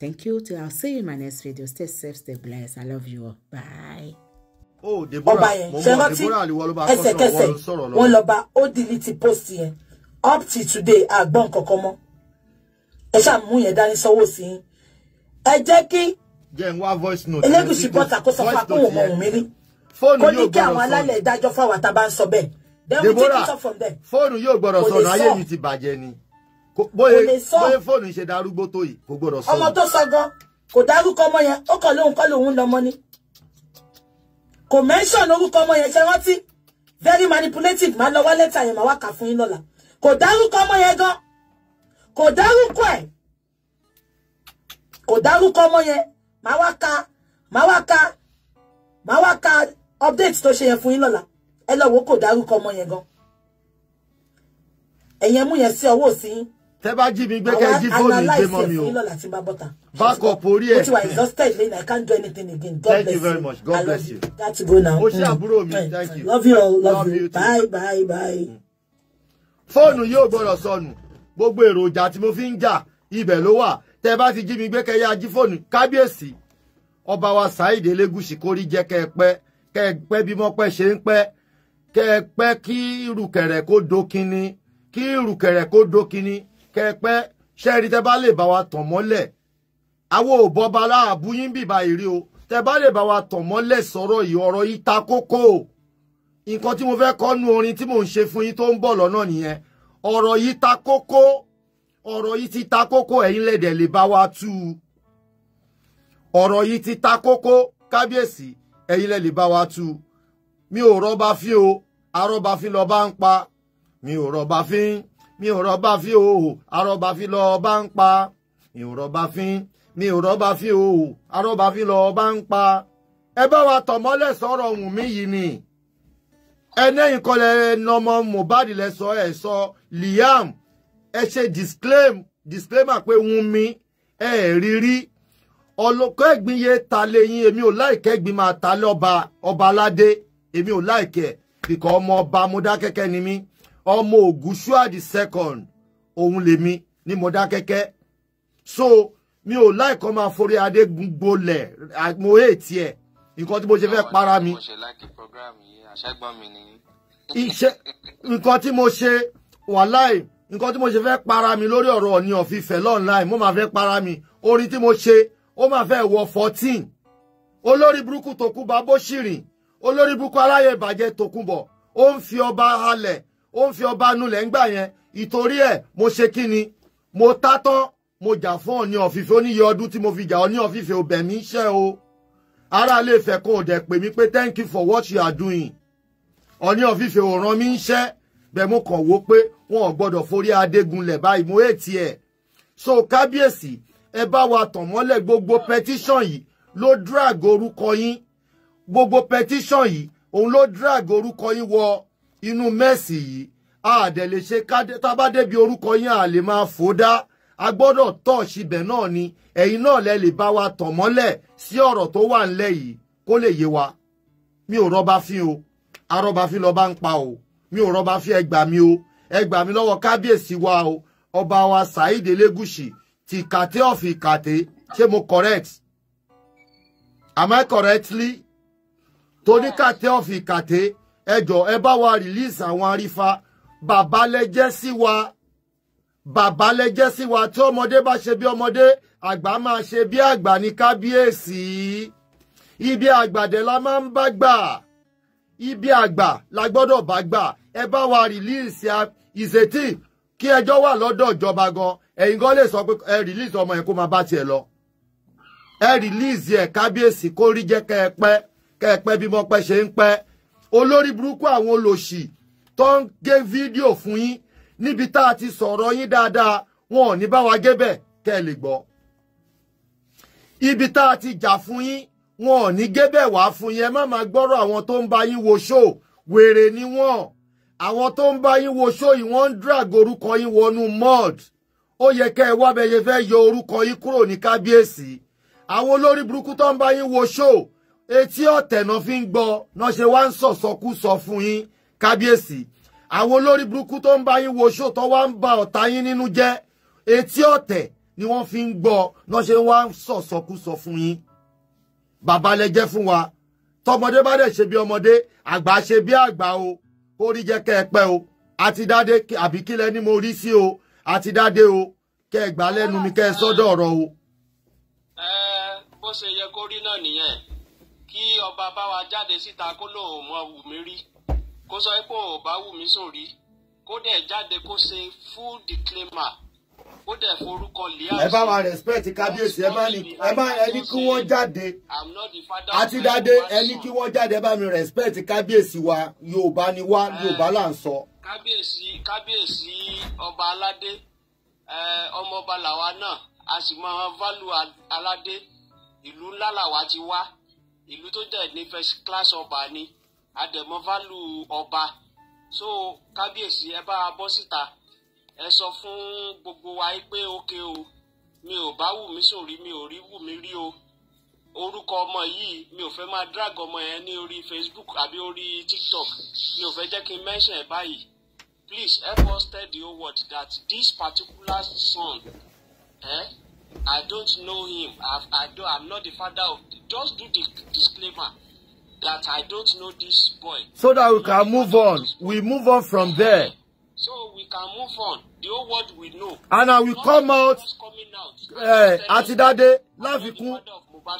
Thank you. Till I'll see you in my next video. Stay safe, stay blessed. I love you all. Bye. Oh, Deborah, Deborah, Deborah, ẹsẹ̀kẹsẹ̀ wọ́n One bá ó delete post yẹn up till today àgbọ̀n kankan mọ́ ẹ ṣáà mú yẹn dání sọ́wọ́ sí i ẹ jẹ́ kí Elégùṣì bọ́ta kó sọ fún akóhùn a òun woman. rí kó ní kí àwọn alálẹ̀ ìdájọ́ fáwọn àtàbá ń sọ bẹ́ẹ̀ then we take it up from there. fóònù yóò gbọ́dọ̀ sọ̀rọ̀ ayé yìí ti bàjẹ́ ni bóyá e, e fóònù ṣe darúgbó tó yìí kò gbọdọ̀ sọ ọmọ tó sọ gan kò dárúkọ ọmọ yẹn ó kàn lóhun kọ́ lòun lọmọ ni kò mẹ́ńṣọ̀n orúkọ ọmọ yẹn ṣe rántí very manipulative máa lọ wá lẹ́tà yẹn máa wá kà fún yín lọ́la kò dárúkọ ọmọ yẹn gan kò dárúkọ ẹ̀ kò dárúkọ ọmọ yẹn máa wá ka máa wá ka máa wá ka update tó ṣe yẹn fún yín lọ́la ẹ lọ wò kò dárúkọ ọmọ yẹn gan ẹ̀yin yẹn sí ọwọ́ sí yín tẹ bá jí mi gbé jí fóònù ìgbé mọ mi o back up orí ẹ thank you very much god bless you mo ṣe mm. àbúrò mi thank you love you all love bye bye bye. Mm. fóònù yóò gbọ́dọ̀ sọnù gbogbo èròjà tí mo fi ń jà ibẹ̀ ló wà tẹ bá ti jí mi gbé yá jí fóònù kábíyèsí ọba wa Saheed Elegushi kórí jẹ́ pẹ́ pẹ́ bí kẹpẹ́ ṣẹ́ẹ̀rí tẹ́ bá lè bá wa tàn mọ́lẹ̀ àwọn òbọba aláàbú yín bìbá ìrí o tẹ́ bá lè bá wa tàn mọ́lẹ̀ sọ̀rọ̀ yìí ọ̀rọ̀ yìí ta kókó nǹkan tí mo fẹ́ kọ́ nu orin tí mò ń ṣe fún yín tó ń bọ̀ lọ́nà nìyẹn ọ̀rọ̀ yìí ta kókó ọ̀rọ̀ yìí ti ta kókó ẹ̀yin lẹ́dẹ̀ lè bá wa tú u ọ̀rọ̀ yìí ti ta kókó kábíyèsí ẹ̀yin lẹ́ lè bá wa tú u mi ò rọ́bà fín o arọ́bà fín lọ́ba ń pa mi ò rọ́bà fín mi ò rọ́bà fi òhò arọ́bà fi lọ bá ń pa mi ò rọ́bà fi mi ò rọ́bà fi òhò arọ́bà fi lọ bá ń pa ẹ bá wa tọ̀mọ́lẹ̀ sọ̀rọ̀ ọ̀hún mi yìí ni ẹnẹ́yìn kọlẹ̀ nọmọ Mohbad lẹ sọ ẹ sọ Liam ẹ ṣe disclaimer pé Wunmi ẹ rí rí ọlọ́kọ́ ẹ̀gbin yé ta lẹ́yìn èmi ò láìkẹ́ ẹ̀gbin máa ta lé ọba ọba aládé èmi ò láìkẹ́ bìkọ́ ọmọ ọba Mọdákẹ́kẹ́ ni mí ọmọ Ògúnṣúà the second òun lèmi ní Mọdákẹ́kẹ́ so mi ò láìkọ́ máa forí adé gbolẹ̀ mo hé tiẹ̀ nǹkan tí mo ṣe fẹ́ para mi. iṣẹ́ nǹkan tí mo ṣe wàláì nǹkan tí mo ṣe fẹ́ para mi lórí ọ̀rọ̀ ọ̀ni ọ̀fìfẹ́ lọ́nláì mo máa fẹ́ para mi orin tí mo ṣe ó máa fẹ́ wọ fourteen olórí burúkú Tòkunbọ̀ Abóṣìrìn olórí burúkú aláyè ìbàjẹ́ Tòkunbọ̀ ó ń fi ọba halẹ̀ ó ń fi ọba nulẹ̀ ń gbà yẹn ìtorí ẹ̀ mo ṣe kí ni mo tá tán mo jà fún Ọ̀ọ̀ni ọ̀fìfẹ́ oníyẹ ọdún tí mo fi jà Ọ̀ọ̀ni ọ̀fìfẹ́ ọbẹ̀ mi o ara lè fẹ́ kó o dẹ̀ pè mí pé thank you for what you are doing Ọ̀ọ̀ni ọ̀fìfẹ́ ò ràn mí ń bẹ́ẹ̀ mo kàn wó pé wọn ò gbọ́dọ̀ forí adégunlẹ̀ báyìí mo èètì ẹ̀ so kábíyèsí ẹ bá wa tàn mọ́lẹ̀ gbogbo petition yìí ló drag orúkọ yín gbogbo petition yìí òun ló drag orúkọ yín wọ inú mẹ́sì yìí àdẹ̀ lè ṣe tábàdébi orúkọ yín à lè máa fò dá a gbọ́dọ̀ tọ̀ síbẹ̀ náà ni ẹ̀yin náà lẹ lè bá wa tàn mọ́lẹ̀ sí ọ̀rọ̀ tó wà ńlẹ̀ yìí kó lè yé wa mi ò rọba fín o arọba fín lọba ń pa o mi ò rọba fín ẹgbà mi o ẹgbà mi lọ́wọ́ kábíyèsí wa o ọba wa Saheed Elegushi ti kàtẹ́ ọ̀fì kàtẹ́ ṣé mo correct am I correctly torí kàtẹ́ ọ̀fì kàtẹ́ ẹ jọ̀ọ́ ẹ bá wa release àwọn arífa bàbá lẹ́jẹ́ sí wa bàbá lẹ́jẹ́ sí wa tí ọmọdé bá ṣe bí ọmọdé àgbà máa ṣe bí àgbà ní kábíyèsí ibi àgbàdẹ la máa ń bá gbà ibi àgbà la gbọ́dọ̀ bá gbà ẹ bá wa release ìṣètì kí ẹjọ́ wà lọ́dọ̀ ìjọba gan ẹ̀yin gan lè sọ pé ẹ release ọmọ yẹn kó máa bá tiẹ̀ lọ ẹ release ẹ kábíyèsí kó rí jẹ́ kẹ́ ẹ pẹ́ kẹ́ ẹ pẹ́ bí mo pẹ́ ṣe ń pẹ́ olórí burúkú àwọn olòṣì tó ń gé fídíò fún yín níbi tá a ti sọ̀rọ̀ yín dáadáa wọn ò ní bá wa gébẹ̀ kẹ́ ẹ lè gbọ́ ibi tá a ti jà fún yín wọn ò ní gébẹ̀ wá fún yín ẹ má máa gbọ́rọ̀ àwọn tó ń bá yín wo ṣóò wèrè ni wọ́n àwọn tó ń bá yín wo ṣóò yìí wọ́n ń drag orúkọ yín wọnú mud ó yẹ kẹ́ ẹ wá fẹ́ yọ orúkọ yín kúrò ní kábíyèsí àwọn olórí burúkú tó ń bá yín wo ṣóò etí ọ̀tẹ̀ náà fi ń gbọ́ náà ṣe wá ń sọ̀sọ́kú sọ fún yín kábíyèsí àwọn olórí burúkú tó ń bá yín wo ṣó tó wá ń ba ọ̀tá yín nínú jẹ́ etí ọ̀tẹ̀ ni wọ́n fi ń gbọ́ náà ṣe wá ń sọ̀sọ́kú sọ fún yín bàbá lẹ fún wa tọmọdé bá dẹ̀ ṣe bí ọmọdé àgbà ṣe bí àgbà o kó rí jẹ́ kẹ́ ẹ pẹ́ o àti dáadé àbí kílẹ̀ ni mo rí sí o àti dáadé o kẹ́ ẹ gbà lẹ́nu mi kẹ́ ẹ sọ́dọ̀ ọ̀rọ̀ o. ẹ bó ṣe yẹ kó rí náà nìyẹn kí ọba bá wa jáde síta kó lóun mọ wù mí rí kó sọ pé ò bá wù mí sùn rí kó dẹ̀ jáde kó ṣe full disclaimer kó dẹ̀ forúkọ lẹ́yà. ẹ bá wa respect kábíyèsí ẹ bá ní ẹ bá ẹni kí wọ́n jáde àti dáadé ẹni kí wọ́n jáde ẹ bá mi respect kábíyèsí wa yorùbá ni wá eh, yorùbá là ń sọ. kábíyèsí kábíyèsí ọba aládé eh, ọmọọba làwa náà a sì máa ń válù aládé ìlú ńlá làwa ti wá ìlú tó dẹ̀ ní first class ọba ni àdẹ̀mọ́fálù ọba so kábíyèsí ẹ bá a bọ́ síta ẹ sọ fún gbogbo wa pé ókè o mi ò bá wù mí sórí mi ò rí wù mí rí o orúkọ ọmọ yìí mi ò fẹ́ máa drag ọmọ yẹn ní orí Facebook àbí orí TikTok mi ò fẹ́ jẹ́ kí n mention ẹ̀ báyìí please help us tell the whole world that this particular son eh, I don't know him. I've, I do, I'm not the father of. Just do the disclaimer that I don't know this boy. So that we can move on. We move on from there. So we can move on. The whole world we know. And I will come out. Eh, àti dádé láfikún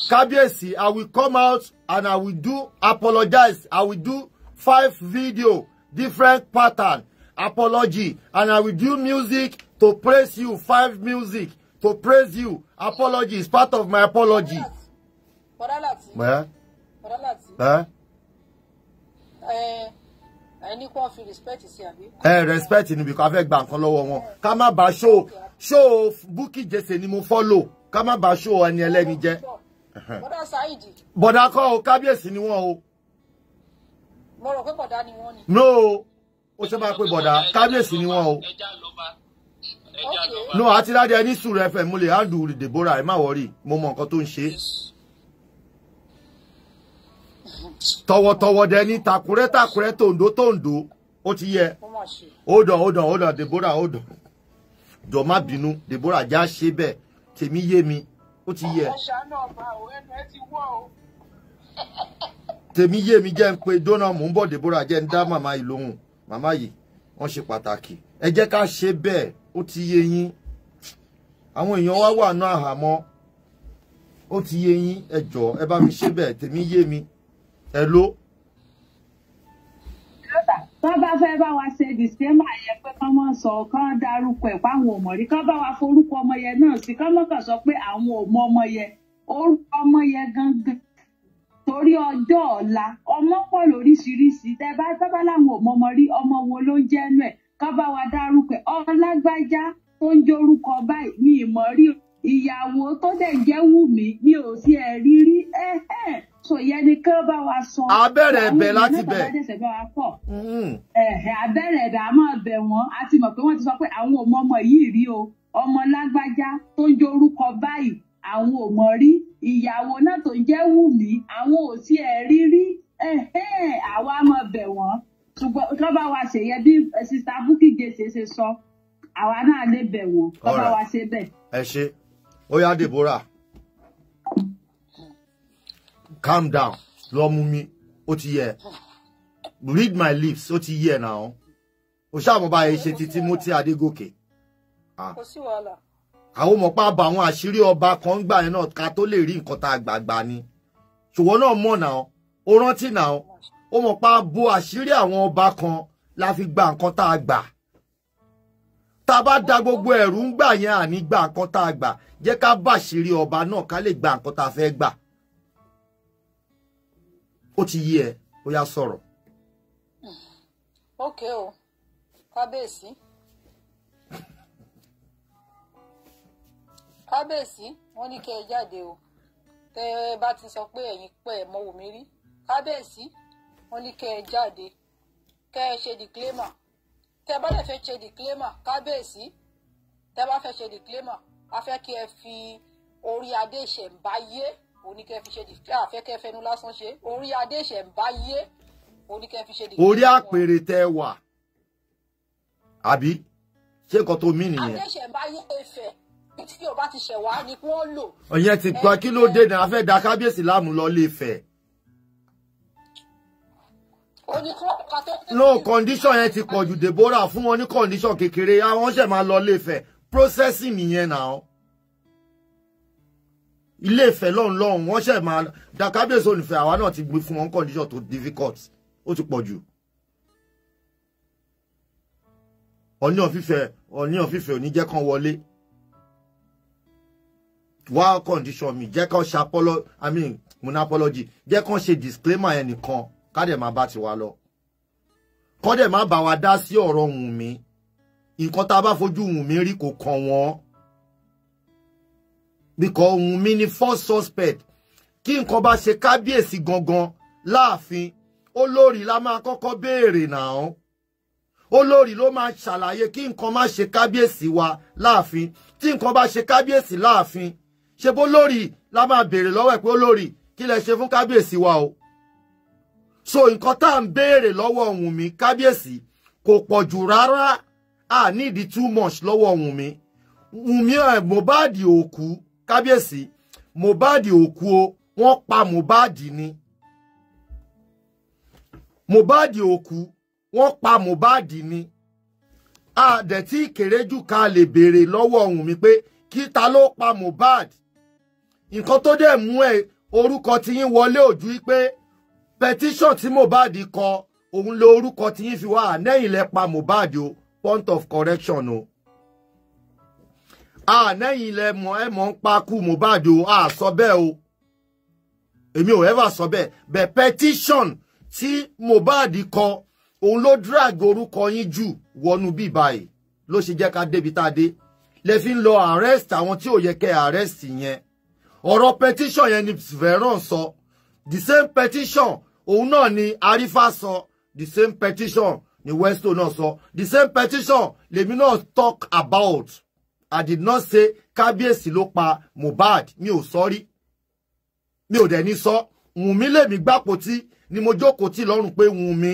kábíyèsí I will come out and I will do apologize. I will do five video different pattern apology and I will do music to praise you five music to praise you. Apology is part of my apology. Bọ́dá láti. Bọ́dá láti. Ẹni kò respect sí àbí. Ẹ eh, respect ni because a fẹ́ gba nǹkan lọ́wọ́ wọn. Ká má bàa Jesse ni mo follow. Ká má bàa ṣó ẹni ẹlẹ́ni jẹ́. Bọ́dá Saidi. Bọ́dá kọ́ o, kábíyèsí ni wọ́n No, o ṣe máa pe bọ̀dá, kábíyèsí no àti dáadé ẹni sùn rẹ fẹ mo lè handle Deborah ẹ má wọrí mo mọ nǹkan tó ń ṣe tọwọ́tọwọ́ dẹni takurẹ takurẹ tòǹdó tòǹdó ó ti yẹ hold on hold on Deborah hold jọ má bínú Deborah já ṣe bẹ́ẹ̀ tèmi yé mi ó ti yẹ tèmi yé mi jẹ́ ń pe dóná mò ń bọ̀ Deborah jẹ́ ń dá màmá yìí lóhùn màmá yìí wọ́n ṣe pàtàkì ẹ jẹ́ ká ṣe bẹ́ẹ̀ ó ti yé yín àwọn èèyàn wá wà náà àhámọ́ ó ti yé yín ẹ jọ ẹ bá mi ṣe bẹ́ẹ̀ tèmi yé mi ẹ ló. wọ́n bá fẹ́ bá wa ṣe disclaimer yẹn pé kán mọ̀ sọ kán dárúkọ ẹ̀ páwọn ò mọ̀ rí kán bá wa forúkọ ọmọ yẹn náà sí kán mọ̀kàn sọ pé àwọn ò ọmọ yẹn orúkọ ọmọ yẹn gangan torí ọjọ́ ọ̀la ọmọ pọ̀ lóríṣiríṣi tẹ́ bá tábà láwọn ò ọmọ rí ọmọ wo ló ń jẹ́ nù ẹ̀ ká bá wa dárúkọ ọlágbájá tó ń jórúkọ báyìí mi ìmọ̀ rí ìyàwó tó dẹ̀ jẹ́ wù mí mi ò sí ẹ̀ rí rí ẹ̀ ẹ̀ so yẹn ni kí wọ́n bá wa sọ. abẹ́rẹ́ ẹ̀bẹ̀ láti bẹ̀. àwọn ìyẹn bá wa pọ̀. Hmm. abẹ́rẹ́ ẹ̀bẹ̀ a máa bẹ̀ wọ́n a ti mọ̀ pé wọ́n ti sọ pé àwọn ò mọ ọmọ yìí rí o ọmọ lágbájá tó ń jórúkọ báyìí àwọn ò mọ̀ rí ìyàwó náà tó ń jẹ́ wù mí àwọn ò sí ẹ̀ rí rí àwa máa bẹ̀ wọ́n ṣùgbọ́n tó bá wa ṣe yẹ bí eh, sista Bukky Jesse ṣe sọ àwa náà lè bẹ̀ wọ́n tó wa ṣe bẹ́ẹ̀. ẹ ṣe ó yá Deborah calm down lọ mú mi ó ti yẹ read my lips ó ti yẹ náà ó ṣàmọ́ bá ẹ ṣe ti Timothy Adégòkè. Ah. kò sí wàhálà àwọn mọ̀ pa bá àwọn àṣírí ọba kan gbà yẹn náà ká tó lè rí nǹkan tá a gbàgbà ni ṣùgbọ́n náà mọ̀ náà ó rántí náà ó mọ̀ pa bo àṣírí àwọn ọba kan la fi gba nǹkan tá a gbà tá a bá da gbogbo ẹ̀rú ń gbà yẹn àní gba nǹkan tá a gbà jẹ́ ká bàṣírí ọba náà ká lè gba nǹkan tá a fẹ́ gbà ó ti yí ẹ ó yá sọ̀rọ̀. ókè o kábíyèsí kábíyèsí wọ́n ní kí ẹ jáde o tẹ ẹ bá ti sọ pé ẹ̀yin pẹ mọ wò mí rí kábíyèsí wọ́n ní kẹ́ ẹ jáde kẹ́ ẹ ṣe disclaimer tẹ́ bá lè fẹ́ ṣe disclaimer kábíyèsí tẹ́ bá fẹ́ ṣe disclaimer a fẹ́ kí ẹ fi orí adé ìṣẹ̀ǹbáyé oníkẹ́ fi ṣe disclaimer àfẹ́ kẹ́ fẹnu lásán ṣe orí adé ìṣẹ̀ǹbáyé oníkẹ́ fi ṣe disclaimer. orí àpèrè tẹ wà àbí ṣé nǹkan tó mí nìyẹn. adé ìṣẹ̀ǹbáyé Ifẹ̀ tí o bá ti ṣẹ̀ wá ni wọ́n lò. ọ̀yẹ́ ti gbọ́ kí ló dé náà a fẹ́ da kábíyèsí láàmú lọ lè fẹ̀ no condition yẹn ti pọ̀ jù Deborah fún wọn ní condition kékeré àwọn ah, ṣẹ̀ máa lọ Ilé-Ifẹ̀ processing nìyẹn náà Ilé-Ifẹ̀ lọ́hùn lọ́hùn wọ́n ṣẹ̀ máa dàkábíyèsí olùfẹ́ àwa náà ti gbé fún wọn condition tó difficult ó ti pọ̀ jù. ọ̀ní ọ̀fífẹ́ ọ̀ní ọ̀fífẹ́ ò ní jẹ́ kán wọlé wá condition mi jẹ́ kán ṣe apology I mean mo ní apology jẹ́ kán ṣe disclaimer yẹn nìkan kádẹ̀ máa bá tiwa lọ kọ́dẹ̀ má bá wa dá sí ọ̀rọ̀ Wùnmí nǹkan tá a bá fojú Wùnmí rí kò kàn wọ́n bíkọ́ Wùnmí ni first suspect kí nǹkan bá ṣe kábíyèsí gangan láàfin olórí la máa kọ́kọ́ béèrè náà olórí ló máa ṣàlàyé kí nǹkan má ṣe kábíyèsí wa láàfin tí nǹkan bá ṣe kábíyèsí láàfin ṣe bó lórí la máa béèrè lọ́wọ́ ẹ̀ pé olórí kí lẹ ṣe fún kábíyèsí wa o so nǹkan tá à ń béèrè lọ́wọ́ Wùnmí kábíyèsí kò pọ̀ jù rárá a nídìí too much lọ́wọ́ Wùnmí Wùnmí ẹ̀ Mohbad òkú kábíyèsí Mohbad òkú o wọ́n pa Mohbad ni Mohbad òkú wọ́n pa Mohbad ni a dẹ̀ tí kéré jù ká lè béèrè lọ́wọ́ Wùnmí pé kí ta ló pa Mohbad nǹkan tó dẹ̀ mú ẹ orúkọ tí yín wọlé òjú pé petition tí Mohbad kọ òun lo orúkọ tí yín fi wá ànẹ́yìn lẹ́pa Mohbad o point of correction o ànẹ́yìn lẹ mọ̀ ẹ mọ̀ ń pa Mohbad o a sọ bẹ́ẹ̀ o èmi ò ever sọ bẹ́ẹ̀ bẹ́ẹ̀ petition tí Mohbad kọ òun ló drag orúkọ yín jù wọnú bíi báyìí ló ṣe jẹ́ ká débi tá a dé lè fi ń lọ arrest àwọn tí ò yẹ kẹ́ arrest yẹn ọ̀rọ̀ petition yẹn ni Veron sọ. So the same petition òun náà ni Arifa sọ the same petition ni Westo náà sọ the same petition lèmi náà talk about I did not say kábíyèsí ló pa Mohbad mi ò sọ rí mi ò dẹ̀ ní sọ Wùnmí lèmi gbàpò tí ni mo jókòó tí lọ́rùn pé Wùnmí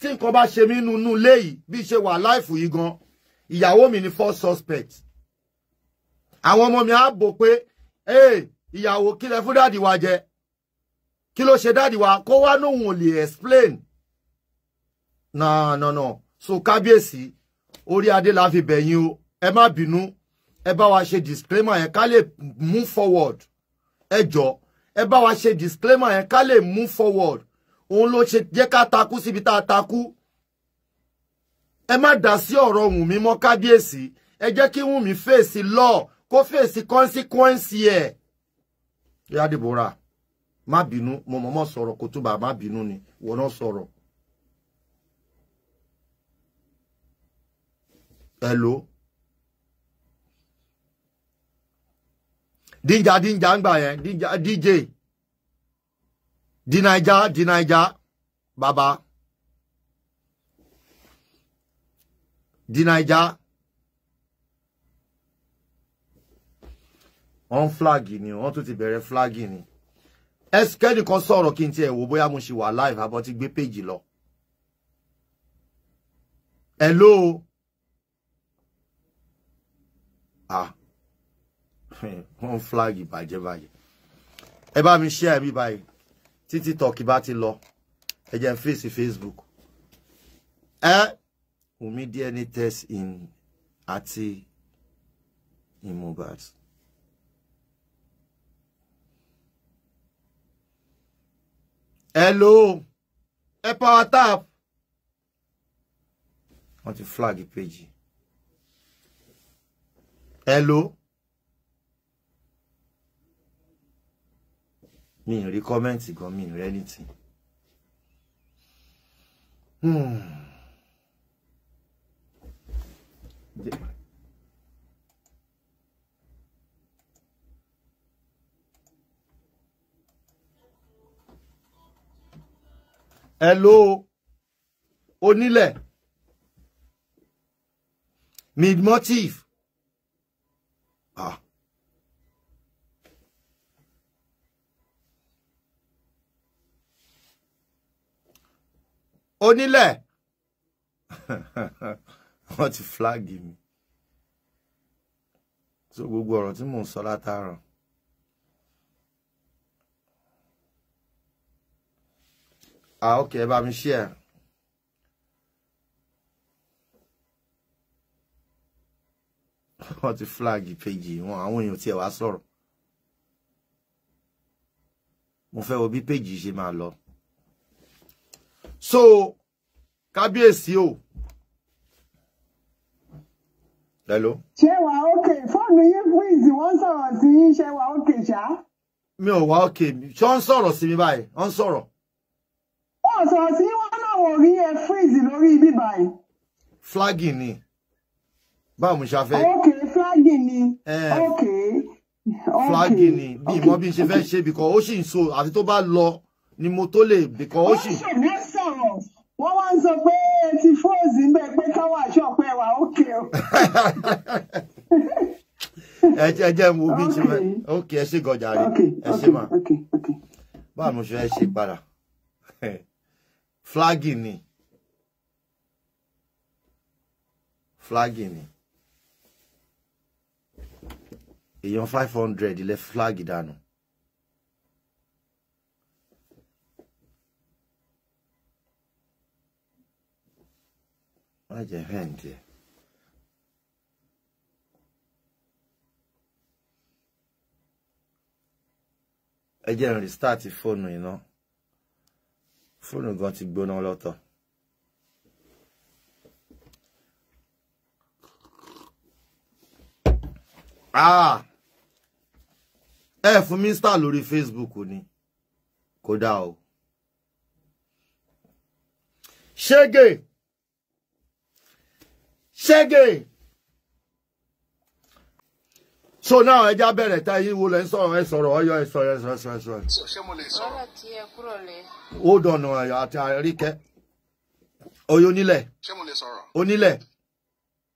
tí nǹkan bá ṣe mí nínú ilé yìí bí ṣe wà láìfù yìí gan ìyàwó mi ni first suspect àwọn ọmọ mi á bò pé ìyàwó kílẹ̀ fún wa jẹ kí ló ṣe dáàdì wa kó wá lóhun ò lè explain náà náà náà so kábíyèsí orí adé la fi bẹ̀yìn o ẹ má bínú ẹ bá wa ṣe disclaimer yẹn ká lè move forward ẹ jọ ẹ bá wa ṣe disclaimer yẹn ká lè move forward òun ló ṣe jẹ́ ká takú síbi tá a takú ẹ má dá sí ọ̀rọ̀ Wùnmí mọ́ kábíyèsí ẹ jẹ́ kí Wùnmí fèsì law kó fèsì consequence yẹ. Yeah, mabinu bínú mo mọ̀ kotuba sọ̀rọ̀ ni wọn náà sọ̀rọ̀. hello díjà díjà ń gbà yẹn díjà dj dinaija dinaija baba dinaija on flag ni wọn tún ti bere flag ni. ẹsikẹ́ni kan sọ̀rọ̀ kí n tiẹ̀ wò bóyá mo ṣì wà live abọ́ ti gbé péjì lọ. hello. ah wọ́n flag ìbàjẹ́ báyìí ẹ bá mi share mi báyìí títí tọ́kì bá ti lọ ẹ jẹ́ fèsì facebook. ẹ Wunmi DNA test in àti in hello ẹ power tap wọ́n ti flag page hello me. Recommend rí kọ́mẹ́ǹtì gan anything. Hmm. Yeah. hello onílẹ̀ midmotive ah. onílẹ̀ wọ́n ti flag mi so gbogbo ọ̀rọ̀ tí mò ń sọ látàárọ̀. ah ok ẹ bá mi share. wọ́n ti flag I want you to tiẹ̀ wá sọ̀rọ̀ mo fẹ́ wo bí péjì ṣe máa lọ. so kábíyèsí o. hello. ṣé wà ókè fóònù yín please. One sọ̀rọ̀ sí ṣé wà ókè ṣá. mi ò wà ókè On sorrow, ń sọ̀rọ̀ sí mi báyìí wọ́n ń sọ̀rọ̀ sí wọn náà wò ẹ freeze lórí ibi báyìí. flagging ni báwo mo ṣe fẹ́. ok flagging ni. Eh, ok flagging ni bí ìmọ̀ bí n ṣe fẹ́ ṣe bìkọ́ ó sì ń so àti tó bá lọ ni mo tó lè bìkọ́ ó sì. ó sì ní sọ̀rọ̀ wọ́n wá ń sọ pé ti frozen bẹ́ẹ̀ pé káwọ́ àṣọ pé wà ókè o. ẹ jẹ́ jẹ́ mo bí n ṣe fẹ́ ókè ẹ ṣe gọjà rí ẹ ṣe mà báwo ṣe fẹ́ ṣe padà flagi ni flagi ni èèyàn five hundred ilẹ̀ flagi dànù. wọ́n jẹ́ hẹ́ǹd yẹ. ẹ jẹ́ n restart fóònù you know fóònù gan ti gbóná lọ́tọ̀ ah ẹ fún mi star Facebook ou ni kódà o ṣégè ṣégè so now ẹja bẹ̀rẹ̀ ta yín wo lẹ ń sọ̀rọ̀ ẹ sọ̀rọ̀ ọyọ ẹ sọ̀rọ̀ ẹ sọ̀rọ̀ ẹ sọ̀rọ̀. ṣé mo lè sọ̀rọ̀. ọ̀rọ̀ tí ẹ kúrò lẹ. ó dọ̀nà àti àríkẹ́ oyè onílẹ̀. ṣé mo lè sọ̀rọ̀. onílẹ̀.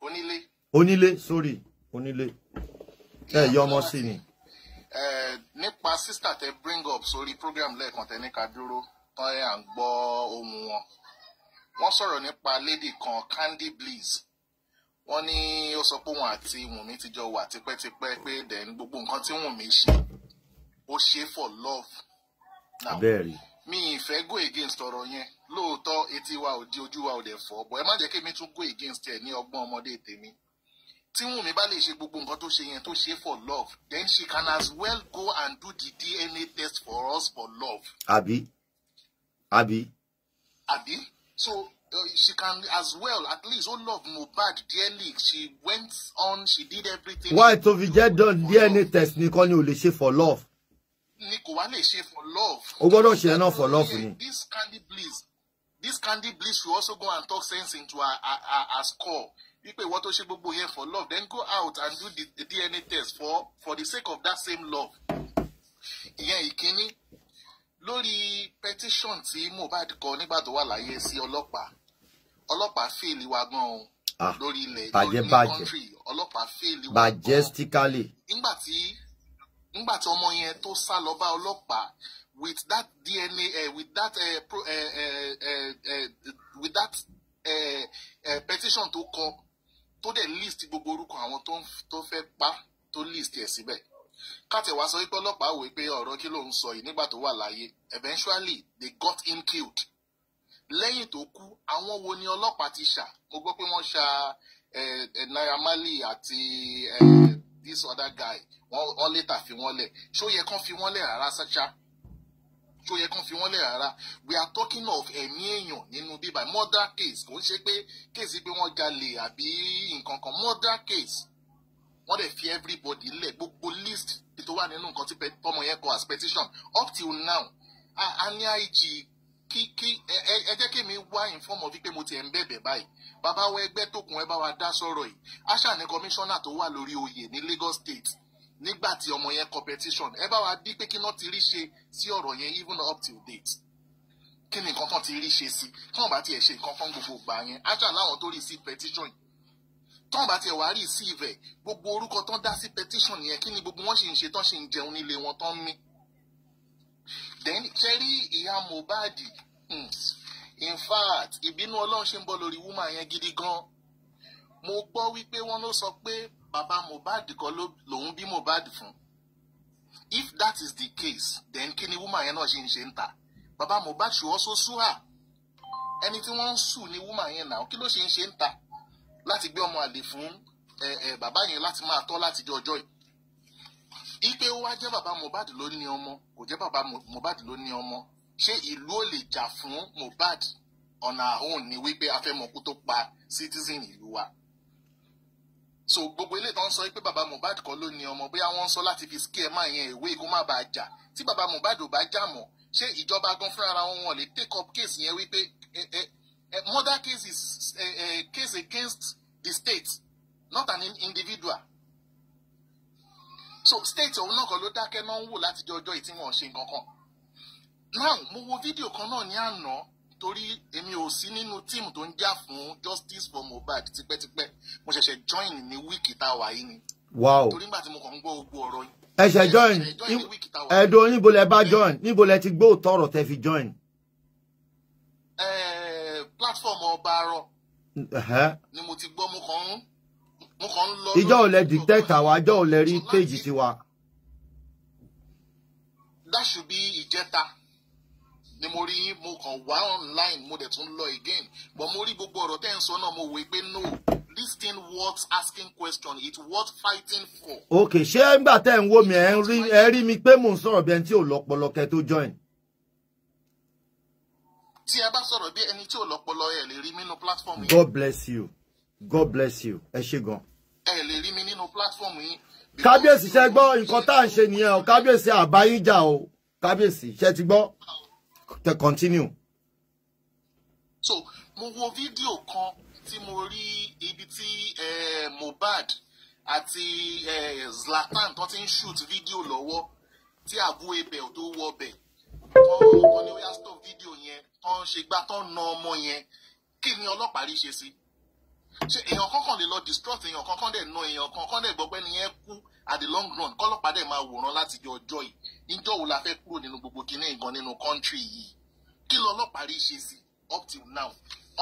onílé. onílé sórí onílé. ẹ yọ ọmọ sí ni. nípa sísítà tẹ bring up sórí program lẹ́ẹ̀kan tẹ ní ká dúró tán ẹ̀ à ń gbọ́ ohun wọn wọ́n sọ̀rọ̀ nípa lady kan Candy Bliss wọ́n ní ó sọ pé òun àti Wùnmí ti jọ wà tipẹ́tipẹ́ pé then gbogbo nǹkan tí Wùnmí ṣe ó ṣe for love now mi ìfẹ́ go against ọ̀rọ̀ yẹn lóòótọ́ etí wa ò di ojú wa ò dẹ̀ fọ́ bọ̀ ẹ má jẹ́ kí mi tún go against ẹ̀ ní ọgbọ́n ọmọdé tèmi tí Wùnmí bá lè ṣe gbogbo nǹkan tó ṣe yẹn tó ṣe for love then she can as well go and do the DNA test for us for love. àbí àbí. àbí so she can as well at least ó love Mohbad dearly she went on she did everything. why tó fi jẹ́ DNA test nìkan ni ò lè ṣe for love. ni kò wá lè ṣe for love. o gbọ́dọ̀ ṣe náà for love ni. this Candy Bliss this Candy Bliss should also go and talk sense into her her her, score wípé ìwọ tó ṣe gbogbo yẹn for love then go out and do the, the DNA test for for the sake of that same love. ìyẹn ìkíní lórí petition tí Mohbad kọ nígbà tó wà láyé sí ọlọ́pàá ọlọ́pàá fèèlì wa gan o ah, lórí ilẹ̀ lórí kọ́ńtírì ọlọ́pàá fèèlì wa gan. majestically. nígbà tí nígbà tí ọmọ yẹn tó sá lọ bá ọlọ́pàá with that DNA uh, eh, with that uh, pro, uh, uh, uh, uh, with that uh, uh, petition tó kọ tó dẹ̀ list gbogbo orúkọ àwọn tó fẹ́ pa tó list ẹ̀ síbẹ̀ kátẹ̀wá sọ wípé ọlọ́pàá wò pé ọ̀rọ̀ kí ló ń sọ yìí nígbà tó wà láyé eventually they got him killed lẹ́yìn tó kú àwọn wo ni ọlọ́pàá ti ṣà mo gbọ́ pé wọ́n ṣà Naira Marley àti this other guy wọ́n later fi wọ́n lẹ̀ ṣó yẹ kán fi wọ́n lẹ̀ rárá ṣáṣá ṣó yẹ kán fi wọ́n lẹ̀ rárá we are talking of ẹ̀mí èèyàn nínú bíbá murder case kò ń ṣe pé kéèsì pé wọ́n jalè àbí nǹkan kan murder case wọ́n dẹ̀ fi everybody lẹ̀ gbogbo list tó wà nínú nǹkan tí tọmọ yẹn kọ as petition up till now a ní IG kí kí ẹ jẹ́ kí mi wá ìfọ́mọ̀ wípé mo ti ẹ̀ ń bẹ̀bẹ̀ báyìí bàbá wa ẹgbẹ́ tó kún ẹ bá wa dá sọ̀rọ̀ yìí àṣà ni kọmíṣánná tó wà lórí oyè ní Lagos State nígbà tí ọmọ yẹn competition ẹ bá wa bí pé kí náà ti rí ṣe sí ọ̀rọ̀ yẹn even up till date kí ni nǹkan kan ti rí ṣe sí tí wọ́n bá tiẹ̀ ṣe nǹkan kan gbogbo gbà yẹn àṣà láwọn tó rí sí petition yìí tí wọ́n bá tiẹ̀ wá rí sí ibẹ̀ gbogbo orúkọ tán dá sí petition yẹn kí ni gbogbo wọn ṣì ń ṣe tán ṣì ń jẹun nílé wọn tán mí then ṣẹ́rí ìyá Mohbad hmm. in fact ìbínú ọlọ́run ṣe ń bọ̀ lórí woman yẹn gidi gan mo gbọ́ wípé wọ́n ló sọ pé bàbá Mohbad kọ́ lòun bí Mohbad fún if that is the case then kí ni woman yẹn náà ṣe ń ṣe ń ta bàbá Mohbad ṣù ọ́ sósú hà ẹni tí wọ́n ń sù ni woman yẹn náà kí ló ṣe ń ṣe ń ta láti gbé ọmọ àlè fún bàbá yẹn láti máa tọ́ láti di ọjọ́ yìí ipe wa wá jẹ́ bàbá Mohbad ló ní ọmọ kò jẹ́ bàbá Mohbad ló ní ọmọ ṣé ìlú ò lè jà fún Mohbad on our ni wípé a fẹ́ mọ kó tó pa citizen ìlú wa so gbogbo ilé tó ń sọ pé bàbá Mohbad kọ́ ló ní ọmọ bóyá wọ́n ń sọ láti fi scare máa yẹn ìwé kó má bàa jà tí bàbá Mohbad ò bá jà mọ́ ṣé ìjọba gan fúnra wọn wọn lè take up case yẹn wípé murder case is case against the state not an individual so state òun náà kan ló dákẹ́ náà ń wò látijọ́ ọjọ́ yìí tí wọ́n ṣe nǹkan kan now mo wo fídíò kan náà ní àná torí èmi ò sí nínú tíìmù tó ń jà fún justice for Mohbad tipẹ́tipẹ́ mo ṣẹ̀ṣẹ̀ join ní wíìkì tá a wà yìí ni wow torí nígbà tí mo kàn ń gbọ́ gbogbo ọ̀rọ̀ yìí ẹ ṣe join ẹ̀dùn níbo lẹ bá join níbo lẹ ti gbọ́ òótọ́ tẹ fi join. platform ọba arọ ni mo ti gbọ́ mo kàn ń ìjọ ò lè detect àwa ìjọ ò lè rí péjì tiwa. dáṣù bí ìjẹta ni mo rí mo kàn wá online mo dẹ̀ tún lọ again but mo rí gbogbo ọ̀rọ̀ tẹ́ ń sọ náà mo wò pé no this thing worth asking question it worth fighting for. ok ṣé nígbà tẹ́ ẹ̀ ń wò mí ẹ̀ ń rí mi pé mò ń sọ̀rọ̀ bí ẹni tí ò lọ́pọlọ kẹ́ tó join tí ẹ bá sọ̀rọ̀ bí ẹni tí ò lọ́pọlọ ẹ̀ lè rí mínú platform yẹn. God bless you. God bless you. Ẹ ṣé gan. Ẹ lè rí mi nínú platform yìí. Kábíyèsí ṣe gbọ́ nǹkan tá à ń ṣe nìyẹn o. Kábíyèsí àbáyíjà o. Kábíyèsí ṣe ti gbọ́. Tẹ continue. So mo wo fídíò kan tí mo rí ibi tí eh, Mohbad àti Zlatan tó ti ń shoot fídíò lọ́wọ́ tí àbú ebè tó wọ bẹ̀ tọ́ tọ́ ní oyastop fídíò yẹn tọ́ ń ṣe gbá tọ́ ń na ọmọ yẹn kí ni ọlọ́pàá rí ṣe sí ṣé èèyàn kankan lè lọ distrust èèyàn kankan dẹ̀ nà èèyàn kankan dẹ̀ gbọ́gbẹ́ ni yẹn kú at the long run kọ́lọ́pàá dẹ̀ máa wòran láti jọ ọjọ́ yìí níjọ́ wo la fẹ́ kúrò nínú gbogbo kinní ìgan nínú country yìí kí lọ ọlọ́pàá rí ṣe sí up till now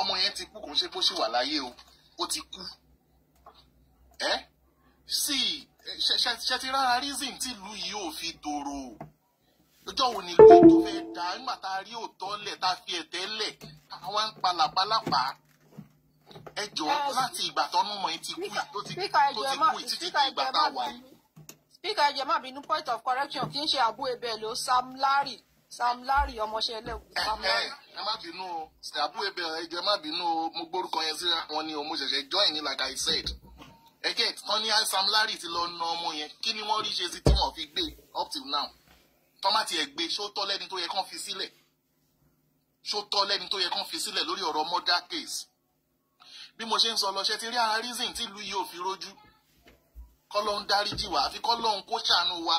ọmọ yẹn ti kú kò ń ṣe bó ṣì wà láyé o ó ti kú ẹ sí ṣe ti rárá reason tí ìlú yìí ò fi dòrò ọjọ́ wo ni ìlú ètò fẹ́ dá nígbà tá a rí òótọ́ lẹ̀ tá a fi ẹ̀tẹ́ lẹ̀ àwọn ń palàpalàpàá ẹ jọ̀ọ́ láti ìgbà tọ́nú mọ̀ ẹ ti kú tó ti kú títí di ìgbà tá a wà yìí. speaker ẹ jẹ́ má bínú point of correction kì í ṣe àbú ebè ló Sam Larry Sam Larry ọmọọṣẹ́ ẹlẹ́gùn Sam Larry. ẹ má bínú o àbú ebè ẹ jẹ́ má bínú o mo gbórúkọ yẹn sí wọn ni o mo ṣẹ̀ṣẹ̀ join ni like I said ẹ jẹ́ tán ní Sam Larry ti lọ na ọmọ yẹn kí ni wọ́n rí ṣe sí tí wọ́n fi gbé up till now tọ́mátì ẹ̀ gbé ṣó tọ́ lẹ́ni tó yẹ kán fi sílẹ̀ ṣó tọ́ lẹ́ni tó yẹ kán fi sílẹ̀ lórí ọ̀rọ̀ murder case bí mo ṣe ń sọ lọ ṣe ti rí ara reason tí ìlú yìí ò fi rojú kọ́lọ́n dáríjì wá àfi kọ́lọ́n kó ṣàánú wa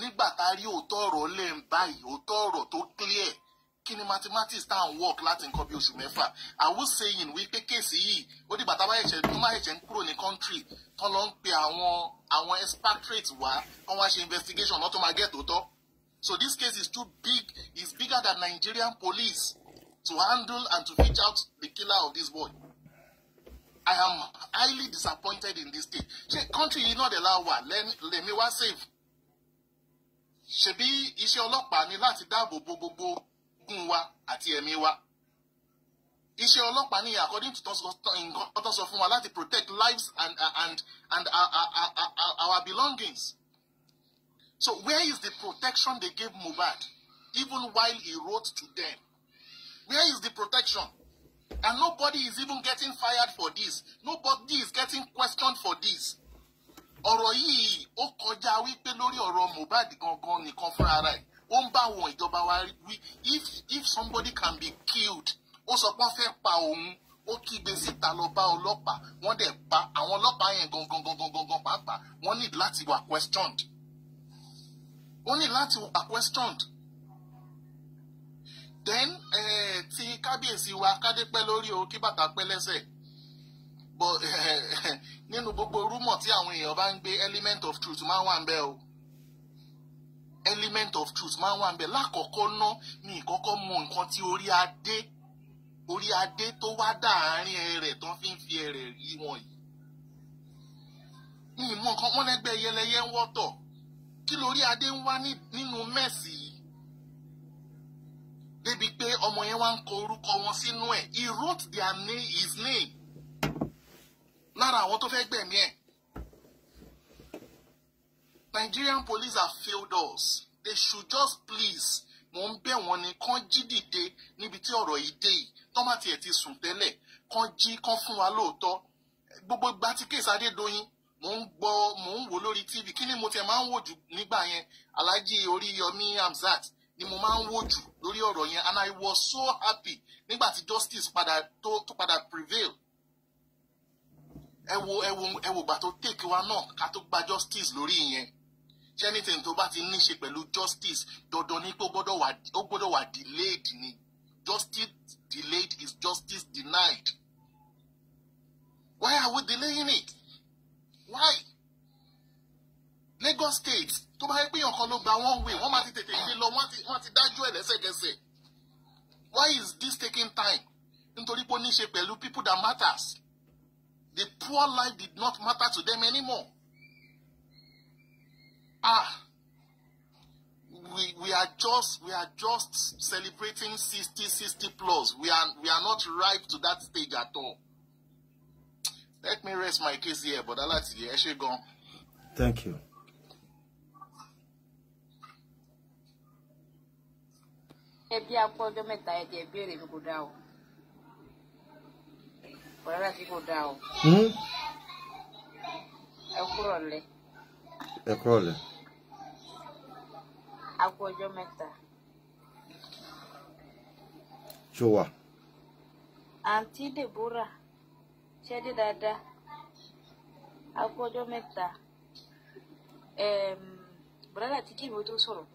nígbà tá a rí òótọ́ ọ̀rọ̀ lẹ̀ ń báyìí òótọ́ ọ̀rọ̀ tó clear kí ni mathematics tá à ń work láti nǹkan bí oṣù mẹ́fà àwọn sẹ́yìn wípé kéèsì yìí ó dìgbà tá a bá ẹ̀ṣẹ̀ tó má ẹ̀ṣẹ̀ ń kúrò ní country tán lọ ń pe àwọn àwọn expatriate wá kán wá ṣe investigation lọ́tọ́ máa gẹ̀ tó tọ́ so this case is too big it's bigger than Nigerian police to handle and to reach out the killer of this boy. I am highly disappointed in this state. Ṣé country yìí náà dẹ̀ la wà lèmi wá save? Ṣebí iṣẹ́ ọlọ́pàá ni láti dáàbò bo bo bo. wa ati emiwa. wa. Iṣẹ́ ọlọ́pàá ni according to those of sọ fún wa protect lives and, and, and our, our, our, our belongings. So where is the protection they gave Mubad, even while he wrote to them? Where is the protection? And nobody is even getting fired for this. Nobody is getting questioned for this. Ọ̀rọ̀ yìí ó kọjá wípé lórí ọ̀rọ̀ Mohbad gangan nìkan fúnra rẹ̀. Ó ń bá àwọn ìjọba wa wí if if somebody can be killed ó sọ pé wọ́n fẹ́ pa òun ó kígbe síta lọ bá ọlọ́pàá wọ́n dẹ̀ pa àwọn ọlọ́pàá yẹn gangan gangan gangan pàápàá wọ́n ní láti wà questioned. Ó ní láti wà questioned then eh, ti kábíyèsí wa kádépẹ́ lórí o kí bàtà pẹ́ lẹ́sẹ̀ eh, nínú gbogbo rúmọ̀ tí àwọn èèyàn bá ń gbé element of truth máa ń wà ń bẹ́ o element of truth máa ń wà ń bẹ́ lákọ̀ọ́kọ́ ná ní ìkọ́kọ́ mọ nǹkan tí orí adé orí adé tó wá dàárín ẹrẹ̀ tán fi ń fi ẹrẹ̀ rí wọn yìí ní ìmọ̀ nǹkan wọn lẹ́gbẹ́ yẹlẹyẹ ń wọ́tọ̀ kí lórí adé ń wá nínú mẹ́sì débi pé ọmọ yẹn wá ń kọ orúkọ wọn sínú ẹ̀ he wrote their name his name lára àwọn tó fẹ́ gbẹ̀mí ẹ̀. Nigerian police have failed us they should just please mo ń bẹ̀ wọ́n ni kán jí dìde níbi tí ọ̀rọ̀ yìí dé yìí tọ́mátì ẹ̀ ti sùn tẹ́lẹ̀ kán jí kán fún wa lóòótọ́ gbogbo gba ti kéèsì Adédoyin mò ń gbọ́ mò ń wò lórí tv kí ni mo tẹ̀ máa ń wò jù nígbà yẹn Alhaji Oríyọmí Hamzat ni mo máa ń wò jù lórí ọ̀rọ̀ yẹn and I was so happy nígbà tí justice padà tó tó padà prevail ẹ wo ẹ wo ẹ wo gbà tó take wa náà ká tó gba justice lórí yẹn ṣé anything tó bá ti ní ṣe pẹ̀lú justice dandan ni pé ó gbọ́dọ̀ wà delayed ni justice delayed is justice denied why are we delaying it why Lagos State tó bá yẹ pé èèyàn kan ló gba one way wọ́n máa ti tètè gbé lọ wọ́n ti dájọ́ ẹ̀ lẹ́sẹ̀kẹsẹ̀ why is this taking time nítorí pé ó ní ṣe pẹ̀lú people that matters the poor life did not matter to them anymore ah we we are just we are just celebrating sixty sixty plus we are we are not ripe to that stage at all let me rest my case here but Alátìyé ẹ ṣé gan. thank you. ẹ bí akọ ọjọ́ mẹ́ta ẹ jẹ ìbéèrè mi kò dáa o bọ̀dá sí kò dáa o. Hmm? ẹ kúrọ̀ lẹ. ẹ kúrọ̀ lẹ. akọ ọjọ́ mẹ́ta. ṣó wà. àǹtí Deborah ṣe dé dáadáa akọ ọjọ́ mẹ́ta bọ̀dá àti kí tó sọ̀rọ̀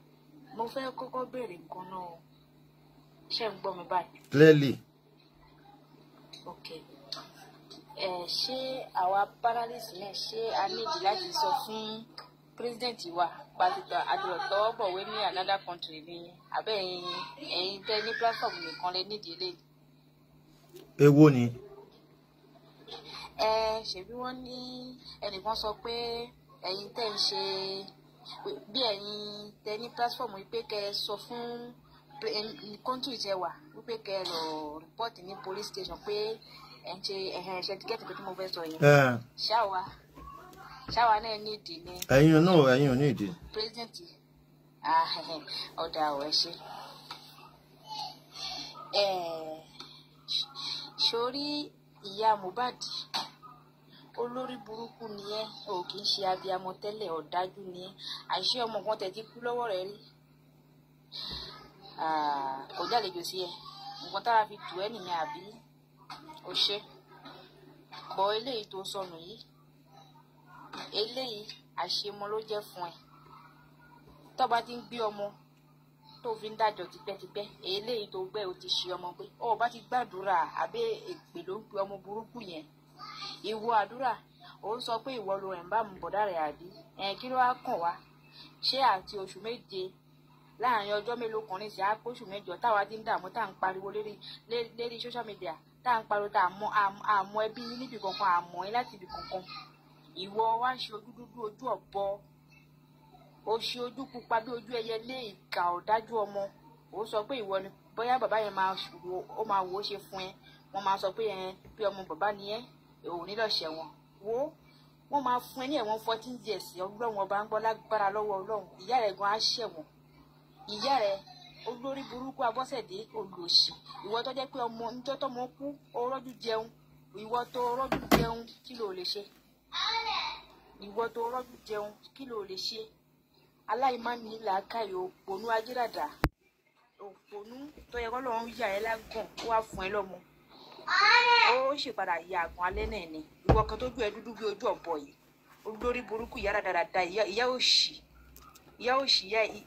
mo fẹ́ kọ́kọ́ béèrè nǹkan náà ṣé ń gbọ́ mi báyìí. clearly. ok ẹ ṣé àwa paralysis náà ṣé a nídìí láti sọ fún president wa pásítọ̀ adùrọ̀tọ́wọ́bọ̀wé ní another country ní abẹ́ ẹ̀yin tẹ́ ní platform nìkan lè nídìí lè. èwo ni. ẹ ṣèbí wọn ní ẹnìkan sọ pé ẹ̀yin tẹ́ ń ṣe bí ẹ̀yin tẹ́ ní platform wípé kẹ́ ẹ sọ fún. So kọ́ńtù jẹ wà wípé kẹ ẹ lọ rìpọ́ọ̀tì ní police station pé ẹ ń ṣe ẹ̀hẹ̀n ṣe tíkẹ́ẹ̀tì pé tí mo fẹ́ sọ yẹn. ṣáwa ṣáwa náà ní ìdí ni. ẹ̀yin náà ẹ̀yin ò ní ìdí. president ọ̀dà ọ̀ ẹ ṣe. sórí ìyá Mohbad olórí burúkú ni ẹ ò kì í ṣe abiyamọ tẹ́lẹ̀ ọ̀dájú ni ẹ àṣé ọmọ kan tẹ̀ ti kú lọ́wọ́ rẹ̀ rí Ah, kò jálejò sí ẹ nǹkan tá a fi tù ẹ́ nìyẹn àbí o ṣe bọ eléyìí tó sọnù yìí eléyìí àṣemọ ló jẹ́ fún ẹ tọ́ba ti ń gbé ọmọ tó fi ń dájọ́ tipẹ́tipẹ́ eléyìí tó gbẹ́ o ti ṣe ọmọ pé ọ bá ti gbàdúrà àbí èpè ló ń pe ọmọ burúkú yẹn ìwọ àdúrà ó sọ pé ìwọ lo rẹ̀ ń bá mu bọ̀dá rẹ̀ àbí ẹ̀ kí ló wá kàn wá ṣé àti oṣù méje láàrin ọjọ́ mélòó kan ní ìṣẹ́ àpòṣù mẹ́jọ táwa ti ń dààmú tá à ń pariwo lérí lérí social media tá à ń pariwo tá à mọ ẹbí yín níbi kankan àmọ́ yín láti ibì kankan ìwọ wá ṣe ojú dúdú ojú ọ̀bọ o ṣe ojú pupa bí ojú ẹyẹ lé ìkà ọ̀dájú ọmọ ó sọ pé ìwọ ni bóyá bàbá yẹn máa ó máa wò ó ṣe fún ẹ wọn máa sọ pé ẹ pé ọmọ bàbá ni ẹ òun nílò ṣẹ wọn wo wọn máa fún ẹ ní ẹ̀wọ̀n fourteen years ọlọ́run ọba ń gbọ́ lágbára lọ́wọ́ ọlọ́run ìyá rẹ̀ gan á ṣẹ̀wọ̀n ìyá rẹ olórí burúkú abọ́sẹ̀dé olùsì ìwọ tó jẹ́ pé ọmọ níjọ́ tọmọ kú jẹun ìwọ tó rọ́jú jẹun kí ló lè ṣe ìwọ tó rọ́jú jẹun kí ló lè ṣe aláìmánì òpònú tó yẹ yà ẹ́ wá ya alẹ́ náà ni kan ẹ dúdú bí ojú yìí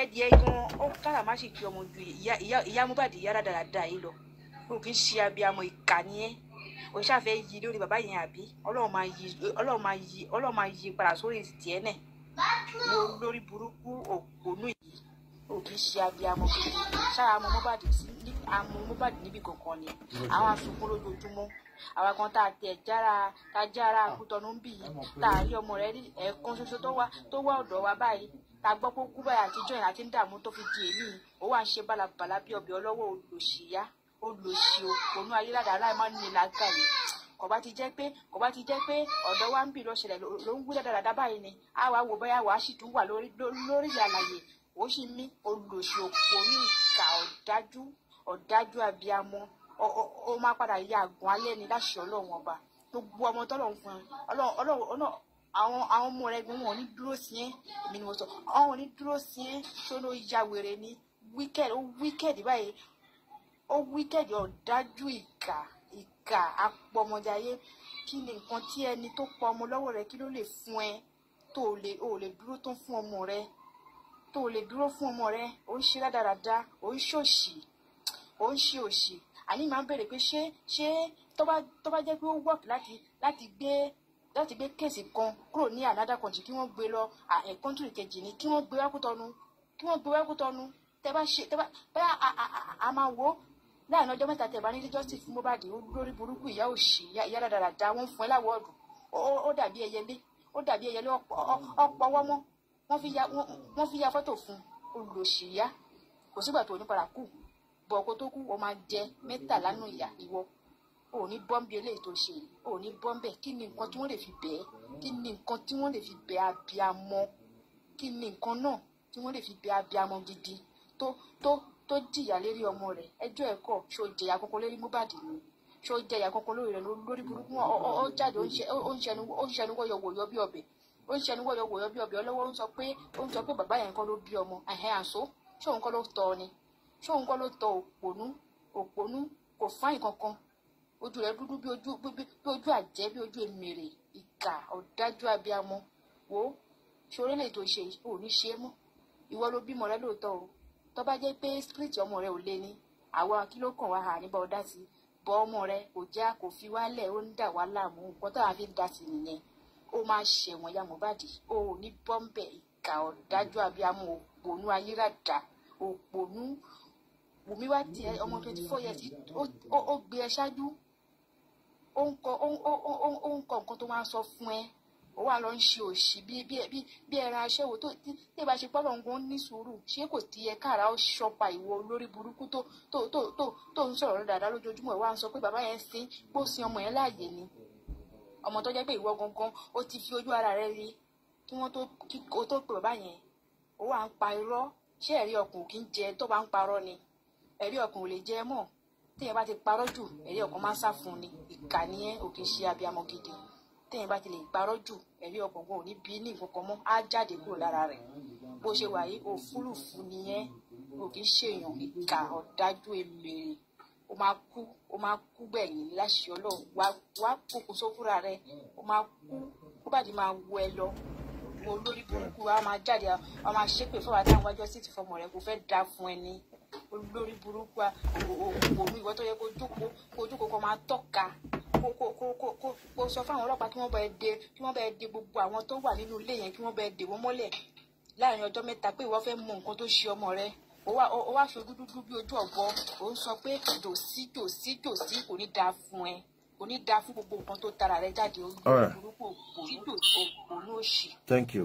ẹdìẹ gan ó káràmáṣìkì ọmọ ju ìyá Mohbad ìyá dáradára yìí lọ o kì í ṣe abiyamọ ìkà ni ẹ o ṣàfẹ́ yí lórí bàbá yẹn àbí ọlọ́run máa yí ọlọ́run máa yí ọlọ́run máa yí padà sórí tiẹ̀ náà ní olórí burúkú òpònú yìí o kì í ṣe abiyamọ ṣáà mọ Mohbad ní àmọ Mohbad níbi kankan ni àwọn àfikún lójoojúmọ́ àwa kan tá a tẹ jára tá a jára akutọnu ń bì tá a rí ọmọ rẹ ẹ̀ẹ̀kan ṣoṣo tó wá tó wá ọ̀dọ̀ wa báyìí tá a gbọ́ pé ó kú báyìí àtijọ́ yẹn àti ń dààmú tó fi di èyí ó wà ń ṣe bálabàlà bí ọbẹ̀ ọlọ́wọ́ olùsíyá olùsí òpònú ayélujára láì má ní lága yìí kò bá ti jẹ́ pé kò bá ti jẹ́ pé ọ̀dọ̀ wa ń bì lọ ṣẹlẹ̀ ló ń wú dáadáa báyìí ni a wá wò báyà wàá sì tún wà lórí àlàyé ó sì ní olùsí òpònú ìkà ọ̀dájú ọ̀dájú abiyamọ ó máa padà yá àgùn alẹ́ ni láṣẹ ọlọ́run ọba gbogbo ọmọ tọ́lọ́run fún ọlọ́run àwọn àwọn ọmọ rẹ gbọ́n wọn ò ní dúró sí ẹ́ èmi ni mo sọ àwọn ò ní dúró sí ẹ́ tó ló ya wèrè wicked ó wicked báyìí ó wicked ọ̀dájú ìkà ìkà apọmọjayé kí ni nǹkan tí ẹni tó pa ọmọ lọ́wọ́ rẹ kí ló lè fún ẹ tó lè o lè dúró tó fún ọmọ rẹ tó lè dúró fún ọmọ rẹ ó ń ṣe rádaràda ó ń ṣòṣì ó ń ṣe òṣì àní máa bèrè pé ṣé ṣé tó bá tó bá jẹ́ pé ó work láti láti gbé láti gbé kéèsì kan kúrò ní another country kí wọ́n gbé lọ eh, country kejì ni kí wọ́n gbé wákútọ́nu kí wọ́n gbé wákútọ́nu tẹ́ bá ṣe tẹ́ bá bá a máa wò ó láàrin ọjọ́ mẹ́ta tẹ́ bá ní justice fún Mohbad lórí burúkú ìyá òṣì ìyá dáradára wọ́n fún ẹ láwọ́ọ̀dù ó dàbí ẹyẹlé ó dàbí ẹyẹlé ọ̀pọ̀ ọwọ́ mọ́ wọ́n fi ya fọ́tò fún olùlòṣì ìyá kò sígbà tó ní padà kù bọ̀ ọkọ tó kù wọ́n máa jẹ mẹ́tàlá nù ìyá ìwọ ò ní bọ́m̀bì eléyìí tó ṣe ò ní bọ́m̀bẹ̀ kí ni nǹkan tí wọ́n lè fi bẹ̀ ẹ́ kí ni nǹkan tí wọ́n lè fi bẹ̀ abiamọ kí ni nǹkan náà tí wọ́n lè fi bẹ̀ abiamọ gidi tó tó tó jìyà lérí ọmọ rẹ̀ ẹjọ́ ẹ̀kọ́ ṣó jẹyà kọ́kọ́ lérí Mohbad ni ṣó jẹyà kọ́kọ́ lórí rẹ̀ lórí burúkú ọ jáde ó ń ṣẹnu wọ́yọ̀ wòyọ́ bí ọbẹ̀ ó ń ṣẹnu wọ́yọ̀ wòyọ́ bí ọbẹ̀ ọlọ́wọ́ ń sọ pé ó ń sọ pé bàbá yẹn kọ́ ló bí ọmọ ẹ̀hẹ́ àṣọ ṣóun kọ́ ló tọ́ ni ṣóun kọ́ ló tọ́ òpònú òpònú kò fáìn kankan ojú rẹ dúdú bí ojú bí ojú àjẹ́ bí ojú èmèrè ìkà ọ̀dájú abiyamọ wo ṣoré lè tó ṣe ò ní ṣe é mọ́ ìwọ ló bímọ rẹ lóòótọ́ o tó bá jẹ́ pé spirit ọmọ rẹ ò lé ní àwa kí ló kàn wá hà níbà ọdá sí bọ ọmọ rẹ kò já kò fi wálẹ̀ ó ń dà wá láàmú nǹkan táwa fi ń dá sí nìyẹn ó máa ṣẹ̀wọ̀n ya Mohbad o ò ní bọ́m̀bẹ̀ ìkà ọ̀dájú abiyamọ òpònú ayérádà òpònú Wùmí wá tiẹ̀ ọmọ twenty four years ó gbé ẹ ṣáájú ó ń kọ ó ń kọ nǹkan tó máa sọ fún ẹ ó wà lọ ń ṣe òṣì bí ẹran aṣẹ́wó tó tí ìbá ṣe pọ́lọ̀ ń ní sùúrù ṣé kò ti yẹ káàrà ó ṣọpa ìwọ olórí burúkú tó tó tó tó tó ń sọ̀rọ̀ dáadáa lójoojúmọ́ ẹ̀ wá ń sọ pé bàbá yẹn sin pó sin ọmọ yẹn láàyè ni ọmọ tó jẹ́ pé ìwọ gangan ó ti fi ojú ara rẹ rí kí wọ́n tó kí o tó pè bàbá yẹn ó wà ń pa irọ́ ṣé ẹ̀rí ọkùn kì í jẹ tó bá ń parọ́ ni ẹ̀rí ọkùn ò lè jẹ mọ́ téèyàn bá ti parọ́ jù ẹ̀rí ọkàn máa ń sá fún ni ìkà ni ẹ́ ò kì í ṣe abiyamọ gidi téèyàn bá ti lè parọ́ jù ẹ̀rí ọkàn gan ò ní bí ní nǹkan kan mọ́ á jáde kúrò lára rẹ̀ bó ṣe wà yìí òfúrufú ni ẹ́ ò kì í ṣèyàn ìkà ọ̀dájú èmèrè o máa kú o máa kú gbẹ̀yìn láṣẹ ọlọ́run wá wá kókó sófúra rẹ o máa kú kó bàjẹ́ máa wọ ẹ lọ mo burúkú wa máa jáde wa máa ṣépè fún wa táwọn wájú ọsítì fọmọ rẹ kò fẹ́ da fún ẹni olórí burúkú òwú ìwọ tó yẹ kó jókòó kó jókòó kó máa tọ́ka kó kó kó kó kó sọ fáwọn ọlọ́pàá kí wọ́n bá ẹ de kí wọ́n bá ẹ de gbogbo àwọn tó wà nínú ilé yẹn kí wọ́n bá ẹ de wọ́n mọ́lẹ̀ láàrin ọjọ́ mẹ́ta pé ìwọ fẹ́ mọ nǹkan tó ṣe ọmọ rẹ ó wá fi dúdú bí ojú ọ̀bọ ó ń sọ pé jòsí jòsí jòsí kò ní dáa fún ẹ kò ní dáa fún gbogbo nǹkan tó tara rẹ jáde olórí burúkú òpònú òṣì. thank you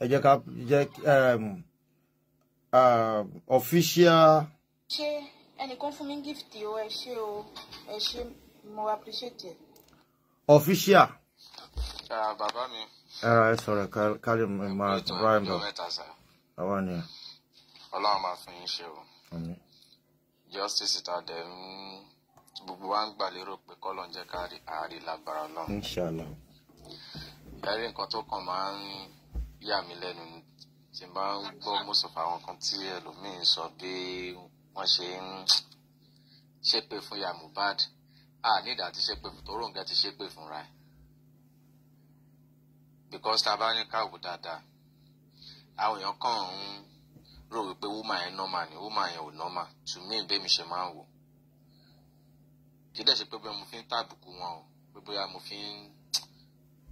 ẹ jẹ́ ká jẹ́ um, Um, official. ṣé ẹnìkan fún mi gift o ẹ ṣé o ẹ ṣé mo appreciate ẹ. official. bàbá mi. ẹ sọ̀rọ̀ kárí máa bá ẹ bọ àwa ni. ọlọ́run máa fún yín ṣe o. justice ta dẹ̀ ń gbogbo Inshallah. ẹ̀rí nǹkan tó kàn máa ń yà mí ni tí n ń gbọ́ mọ́sọ̀fà àwọn kan tí ẹlòmíín sọ bí wọ́n ṣe ń ṣépè fún ya Mohbad a nídà ti ṣépè fún toró nǹkan ti ṣépè fúnra ẹ̀ because tá a bá ní káwò dáadáa àwọn èèyàn kàn ń rò wípé wúmà yẹn nọ́mà ni wúmà yẹn ò nọ́mà to me bẹ́mi ṣe máa ń wò kì dẹ̀ ṣe pé bóyá mo fi ń tàbùkù wọn o pé bóyá mo fi ń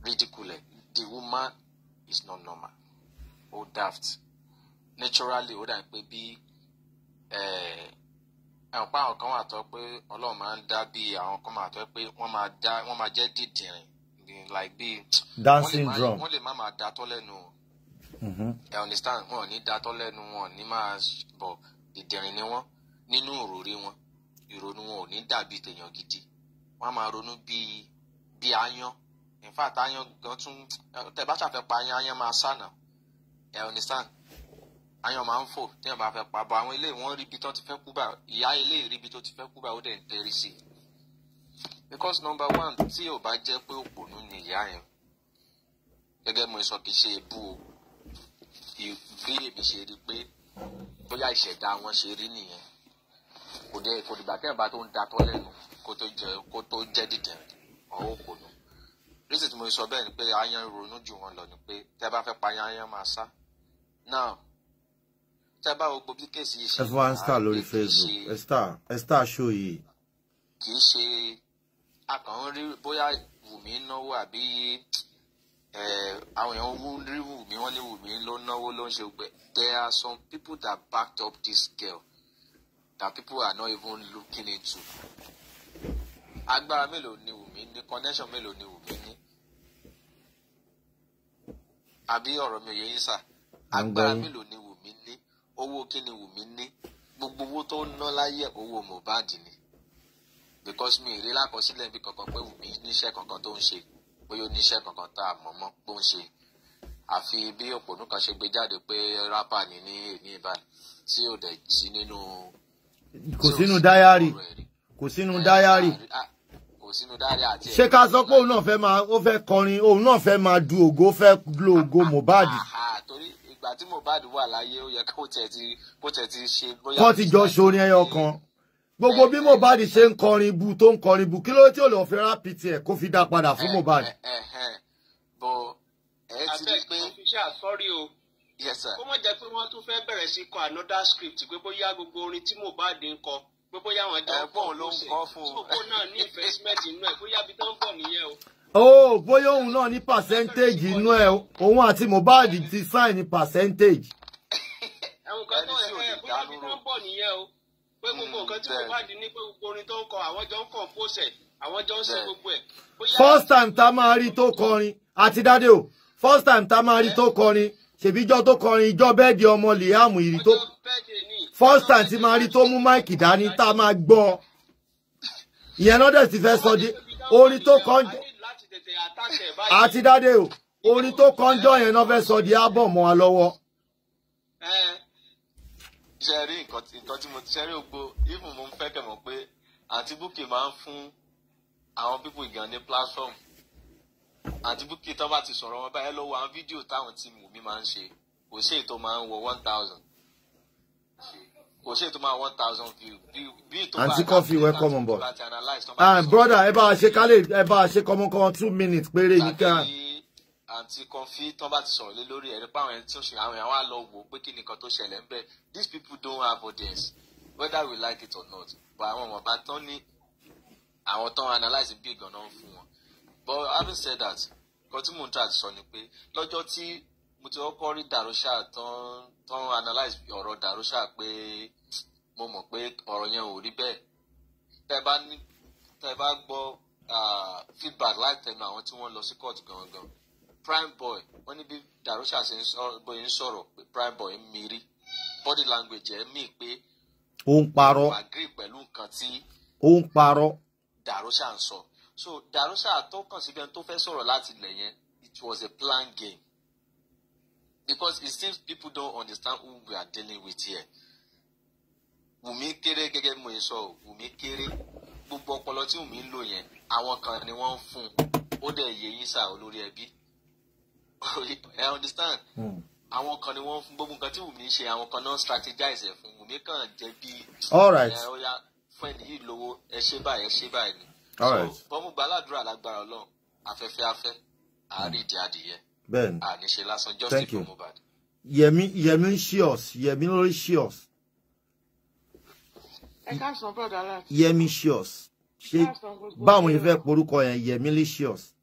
ridicule the woman is not normal. o daft naturally ó dàbí pé bí eh, ẹ̀ǹpa àwọn kan wà tó pé ọlọ́run máa ń dá bí àwọn kan máa tó pé wọ́n máa dá wọ́n máa jẹ́ dídìrín like bí. dancing drum wọ́n lè má máa da tọ́ lẹ́nu o mm-hmm. ẹ understand wọn ò ní da tọ́ lẹ́nu wọn ò ní máa bọ̀ dídìrín ni wọn, nínú òròrí wọn ìrònú wọn ò ní dàbí tèèyàn gidi wọ́n á máa ronú bí bíi aáyán in fact aáyán gan tún tẹ bá ṣàfẹ́ pa aáyán aáyán máa sànà ẹ understand àyàn máa ń fò téèyàn bá fẹ́ pa bọ àwọn ilé wọn ríbi tó ti fẹ́ kú bá ìyá ilé ríbi tó ti fẹ́ kú bá ó dẹ̀ ń tẹrí sí i because number one tí ò bá jẹ́ pé òpònú ni ìyá yẹn gẹ́gẹ́ mo sọ kì í ṣe ebú o bí èmi ṣe rí pé bóyá ìṣẹ̀dá wọn ṣe rí nìyẹn kò dé kò dìgbà téèyàn bá tó ń datọ́ lẹ́nu kó tó jẹ́ dídẹ̀ ọ̀ òpònú reason tí mo sọ bẹ́ẹ̀ ni pé ayan ronú jù wọn lọ ni pé tẹ́ bá fẹ́ pa ayan ayan máa sá now tẹ́ bá wo gbogbo kéèsì yìí ṣe. ẹ fún wa ń star lórí Facebook ẹ star ẹ star show yìí. kì í ṣe akànrí bóyá Wùmí náwó àbí àwọn èèyàn wú rí Wùmí wọ́n ní Wùmí ló náwó ló ń ṣe gbẹ there are some people that backed up this girl that people are not even looking into agbára mélòó ni Wùmí ní connection mélòó ni Wùmí ní àbí ọ̀rọ̀ mi ò yẹ yín sà agbára mélòó ni Wùmí ní owó kí ni Wùmí ní gbogbo owó tó ná láyé owó Mohbad ni because mi ìrírí lákọsílẹ̀ bí kankan pé Wùmí níṣẹ́ kankan tó ń ṣe bóyá ó níṣẹ́ kankan tá a mọ̀ mọ́ bó ń ṣe àfi bí òpònú kan ṣe gbé jáde pé rápà ní ní èmi ìbàdàn tí ò dẹ̀ sí nínú. kò sínú dáyárì kò sínú dáyárì kò sínú dárí àti ẹ̀. ṣé ká sọ pé òun náà fẹ́ máa ó fẹ́ kọrin òun náà fẹ́ máa du ògo fẹ́ lo ògo Mohbad. torí ìgbà tí Mohbad wà láyé ó yẹ kó tẹ̀ ti kó tẹ̀ ti ṣe kọ́ ti jọ ṣorin ẹyọ kan gbogbo bí Mohbad ṣe ń kọrin bu tó ń kọrin bu kí ló tí ò lọ fẹ́ rápì tiẹ̀ kó fi dá padà fún eh, Mohbad. Eh, eh, bọ ẹ ti rí pé. o kó mọ̀ jẹ́ pé wọ́n tún fẹ́ bẹ̀rẹ̀ sí kọ another script pé bóyá gbogbo orin tí Mohbad ń kọ pé bóyá àwọn jọ ń ló ń kọ́ fún un. sọ́kò náà ní investment inú ẹ̀ bóyá bí tó ń bọ̀ nìyẹn o. Oh, bóyá òun náà ní percentage inú ẹ òun àti Mohbad ti sign ní percentage. àwọn kan tó ẹ ẹ bóyá bí tó ń bọ̀ nìyẹn o pé gbogbo hmm, nǹkan tí Mohbad ní pé gbogbo orin tó ń kọ àwọn jọ ń compose ẹ̀ àwọn jọ ń ṣe gbogbo ẹ̀. first time tá a máa rí tó kọrin àti dáde o first time tá a máa rí tó kọrin ṣèbíjọ́ tó kọrin ìjọ bẹ́ẹ̀ di ọmọ Liam ìrì tó first time ti máa rí tó mú máìkì dání tá a máa gbọ́ ìyẹn lọ́dẹ̀ sì fẹ́ sọ di orin tó kàn àti dáde o orin tó kàn jọ yẹn náà fẹ́ sọ di ábọ̀ mọ́ wa lọ́wọ́. ṣe rí nǹkan tí mo ti ṣe rí gbogbo even mo ń fẹ́ kẹ̀ mọ̀ pé àti Bukky máa ń fún àwọn pípò ìgàn ní platform àti Bukky tó bá ti sọ̀rọ̀ wọn báyìí lọ́wọ́ àwọn fídíò táwọn tí mò mi máa ń ṣe kò sí èyí tó máa ń wọ one thousand kò ṣe àti kan fi welcome on board and brother ẹ bá a ṣe kálẹ̀ ẹ bá a ṣe kọ́mọ́kọ́mọ́ two minutes péré yìí ká. àǹtí Kọ́fí tán bá ti sọ̀rọ̀ lé lórí ẹ̀rí pé àwọn ẹni tó ṣe àwọn èèyàn wá lọ wò pé kí nìkan tó ṣẹlẹ̀ ń bẹ̀ these people don't have audience whether we like it or not but àwọn ọmọ bá tán ní àwọn tán analyse bí ganan fún wọn but having said that kọtí mò ń tà ti sọ ni pé lọ́jọ́ tí mo ti kọ́kọ́ rí Darosha tán tán analyse ọ̀rọ̀ Darosha pé mo mọ̀ pé ọ̀rọ̀ yẹn ò rí bẹ́ẹ̀ tẹ́ bá ní tẹ́ bá gbọ́ feedback látẹnu àwọn tí wọ́n lọ sí court gangan prime boy wọ́n ní bí Darusha, ṣe bóyá ń sọ̀rọ̀ pé prime boy ń miri body language ẹ̀ mí pé ó ń parọ́ agree pẹ̀lú nǹkan tí ó ń parọ́ Darosha ń sọ so Darusha tó kàn síbi ẹni tó fẹ́ sọ̀rọ̀ láti ilẹ̀ yẹn it was a plan game because it seems people don't understand who we are dealing with here. Wùmí kéré gẹ́gẹ́ bí mo yẹ sọ Wùmí kéré gbogbo ọpọlọ tí Wùmí ń lò yẹn àwọn kan ni wọ́n ń fún un ó dẹ̀ yẹ yín sá olórí ẹbí I understand hmm. àwọn kan ni wọ́n fún gbogbo nǹkan tí Wùmí ń ṣe àwọn kan náà strategize ẹ̀ fún Wùmí kàn jẹ́ bí ẹ̀rọ̀yà fún ẹni yìí lówó ẹ ṣe báyìí ẹ ṣe báyìí ni so bọ́mú gbàládùra lágbára Ọlọ́run afẹ́fẹ́ afẹ́ àárí hmm. ìdí adìyẹ. Ben. a ah, you. ṣe lásán justice for Mohbad. yẹmi yẹmi shios yẹmi lórí shios. ẹ káàsán brother alert. yẹmi shios ṣe báwọn yẹn fẹ́ porúkọ yẹn licious.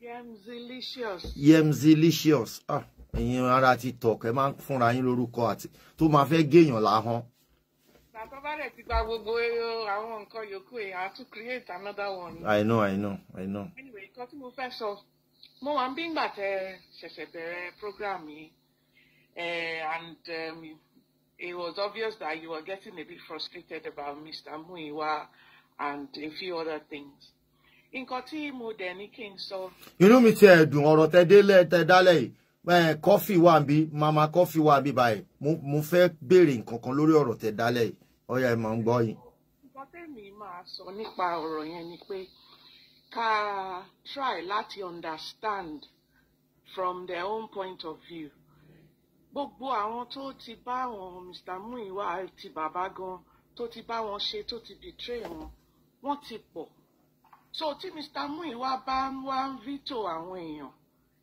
yemzilicious. yemzilicious ah ẹ̀yin ara ti tọ̀kẹ́ máa ń fúnra yín lórúkọ àti tó máa fẹ́ géèyàn láhán tó bá dẹ̀ I know I know I know. anyway nǹkan tí mo fẹ́ sọ mo wà ń bí ngbà tẹ ṣẹ̀ṣẹ̀ bẹ̀rẹ̀ program yìí uh, and um, it was obvious that you were getting a bit frustrated about Mr. Muiwa and a few other things. nǹkan tí mo dẹ̀ ní kí n sọ. inú mi ti ẹ̀dùn ọ̀rọ̀ tẹ délẹ̀ tẹ dálẹ̀ yìí kọ́fì eh, wà bí mama kọ́fì wà bí báyìí mo fẹ́ béèrè nǹkan kan lórí ọ̀rọ̀ tẹ dálẹ̀ yìí ọ̀yà ẹ̀ máa ń gbọ́ yìí. nǹkan tẹ́mi máa sọ nípa ọ̀rọ̀ yẹn ni pé ká try láti understand from their own point of view gbogbo àwọn tó ti bá àwọn Mr. Muiwa àti bàbá gan tó ti bá wọn ṣe tó ti betray wọn wọ́n ti pọ̀ so tí Mr. Muiwa bá wá ń veto àwọn èèyàn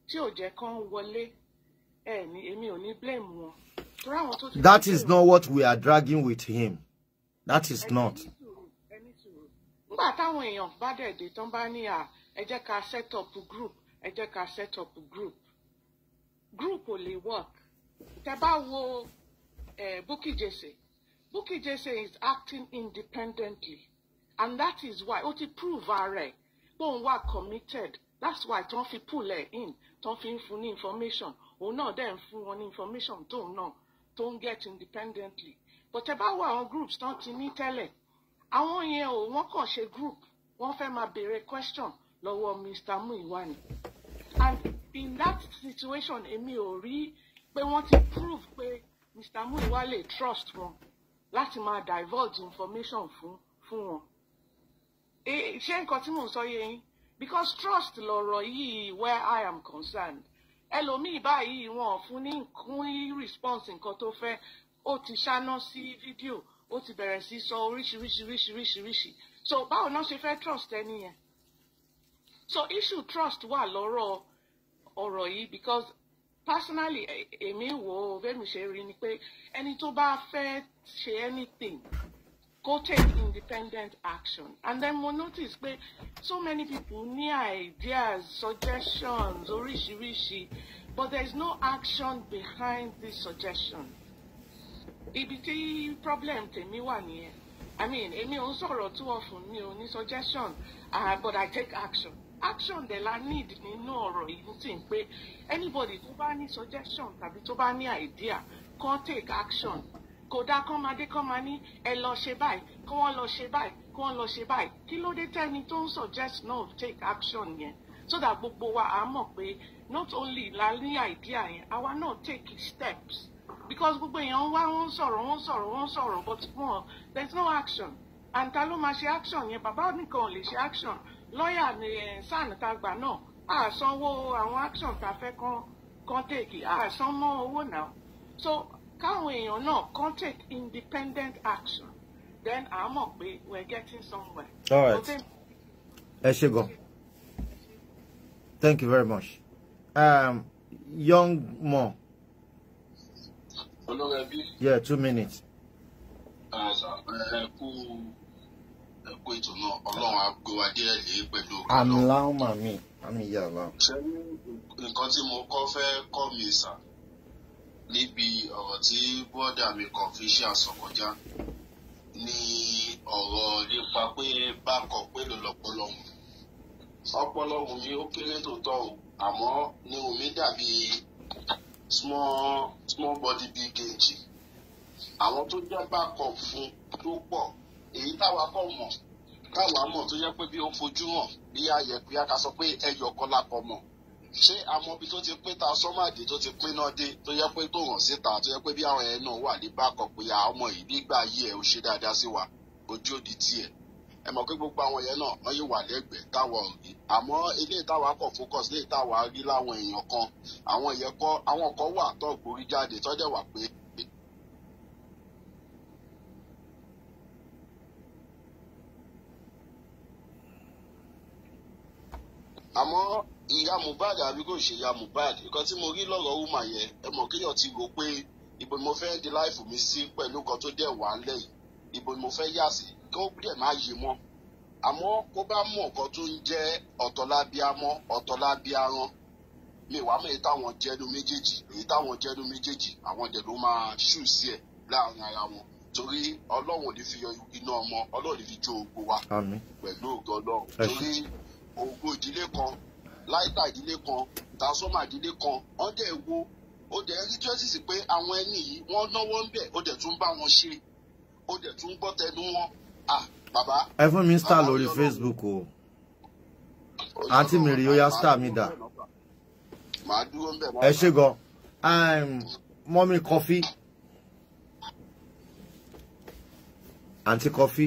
tí ò jẹ́ kán wọlé ẹ̀ ní èmi ò ní blame wọn. That is not what we are dragging with him. That is not nígbà táwọn èèyàn bá dẹ̀ dé tán bá ní à ẹ jẹ́ ká set up group ẹ jẹ́ ká set up group group ò lè work tẹ bá wo eh, Bukky Jesse Bukky Jesse is acting independently and that is why ó ti prove ààrẹ pé òun wà committed that's why tán fi pull ẹ in tán fi ń fún ní information òun náà dẹ̀ ń fún wọn ní information tóun náà tó ń get independently but ẹ bá wo àwọn groups tán ti ní tẹ́lẹ̀ àwọn yẹn ò wọ́n kàn ṣe group wọ́n fẹ́ máa béèrè question lọ́wọ́ Mr. Muiwani and in that situation èmi ò rí pé wọ́n ti prove pé Mr. Muiwale trust wọn láti máa divulge information fún fún wọn e, ṣé nǹkan tí mò ń sọ yé yín because trust lọ̀rọ̀ yìí where I am concerned ẹlòmíì báyìí wọn ò fún ní nǹkan response nǹkan tó fẹ́ ó ti ṣáná sí fídíò. Si ó ti bẹ̀rẹ̀ sí sọ oríṣiríṣiríṣiríṣiríṣi so báwo náà ṣe fẹ́ trust ẹni yẹn so issue trust wà lọ́rọ̀ ọ̀rọ̀ yìí because personally èmi wò ó bẹ́ẹ̀mi ṣe rí ni pé ẹni tó bá fẹ́ ṣe anything go take independent action and then mo notice pé so many people ní ideas suggestions oríṣiríṣi but there is no action behind this suggestion ibi tí problem tèmi wà nìyẹn i mean èmi ò ń sọ̀rọ̀ too often mi ò ní suggestion uh, but i take action action dẹ̀ la need nínú ọ̀rọ̀ yìí ní sìn pé anybody tó bá ní suggestion tàbí tó bá ní idea kan take action kódà kán máa dé kán máa ní ẹ lọ ṣe báyìí kí wọ́n lọ ṣe báyìí kí wọ́n lọ ṣe báyìí kí ló dé tẹ́ni tó ń suggest náà take action yẹn so that gbogbo wa á mọ̀ pé not only la ní idea yẹn awa náà take steps because gbogbo èèyàn wá wọ́n sọ̀rọ̀ wọ́n sọ̀rọ̀ wọ́n sọ̀rọ̀ but wọn there is no action and ta ló máa ṣe action yẹn bàbá nìkan ò lè ṣe action lọ́ọ̀yà ni eh, SAN ta gbà náà a sanwó àwọn action ta fẹ́ kan kan take a san mọ́ owó náà so káwọn èèyàn náà kan take independent action then a mọ̀ pé we are getting somewhere. all right ẹ ṣé gan thank you very much um, young mom olórí ẹbí. yeah two minutes. Ah, ẹ kú ẹ kú ètò náà ọlọ́run á gbé wa díẹ̀ lé pẹ̀lú. àmì láwọn màmí àmì ìyá àlá. ṣé nǹkan tí mo kọ́ fẹ́ kọ́ mi sà níbi ọ̀rọ̀ tí bọ́dà mi kàn fi ṣe àsọkọjá ni ọ̀rọ̀ nípa pé bákọ̀ pé ló lọ́pọ̀lọ́ ọpọlọ wùmí ó kéré tòótọ́ o àmọ́ ni wùmí dàbí small small body big gauge àwọn tó jẹ́ backup fún tó pọ̀ èyí táwa kọ̀ mọ̀ káwa mọ̀ tó jẹ́ pé bí ó fojú hàn bí ayẹ pé a kà sọ pé ẹyọ kan la kọ̀ mọ̀ ṣé amọ̀bi tó ti pín ta sọ́màdì tó ti pín náà dé tó yẹ pé tó hàn síta tó yẹ pé bí àwọn ẹ̀ náà wà ní backup ya ọmọ yìí nígbà ayé ẹ̀ ó ṣe dáadáa sí wa ojú òdì tiẹ̀ ẹ mọ̀ pé gbogbo àwọn yẹn náà wọ́n yìí wà lẹ́gbẹ̀ẹ́ táwa ò rí àmọ́ ilé táwa kọ̀ focus lé táwa rí láwọn èèyàn kan àwọn yẹn kọ́ àwọn kan wà tó gborí jáde tọ́jọ́ wà pé. àmọ́ ìyá Mohbad àbí kò ṣe ìyá Mohbad nǹkan tí mo rí lọ́rọ̀ wúmà yẹn ẹ mọ̀ kéèyàn ti rò pé ibo ni mo fẹ́ di láìfù mi sí pẹ̀lú nǹkan tó dẹ̀ wà á lẹ́yìn ibo ni mo fẹ́ yà sí kó dẹ̀ máa yè mọ́ àmọ́ kó bá mọ̀ nǹkan tó ń jẹ́ ọ̀tọ̀lábíamọ́ ọ̀tọ̀lábíaran mi wàá mọ̀ èyí táwọn jẹ́nu méjèèjì èyí táwọn jẹ́nu méjèèjì àwọn dẹ̀ ló máa ṣù sí ẹ̀ láàrin ara wọn torí ọlọ́run ò ní fi iná ọmọ ọlọ́run ní fi jó ogbó wa pẹ̀lú ògo ọlọ́run torí ògo ìdílé kan láìta ìdílé kan tasọ́mà ìdílé kan ọ̀dẹ̀ wo ó dẹ̀ rí tíọ́sìsì pé àwọn ẹni yìí wọ́n náwó ń bẹ̀ ó dẹ̀ tún bá wọn ṣe ó dẹ̀ tún gbọ́ wọn Ah, bàbá. ẹ fún mi star lórí Facebook o àǹtí mi rí oya star mi dà ẹ ṣe gan um, mọ́mí kọfí àǹtí kọfí.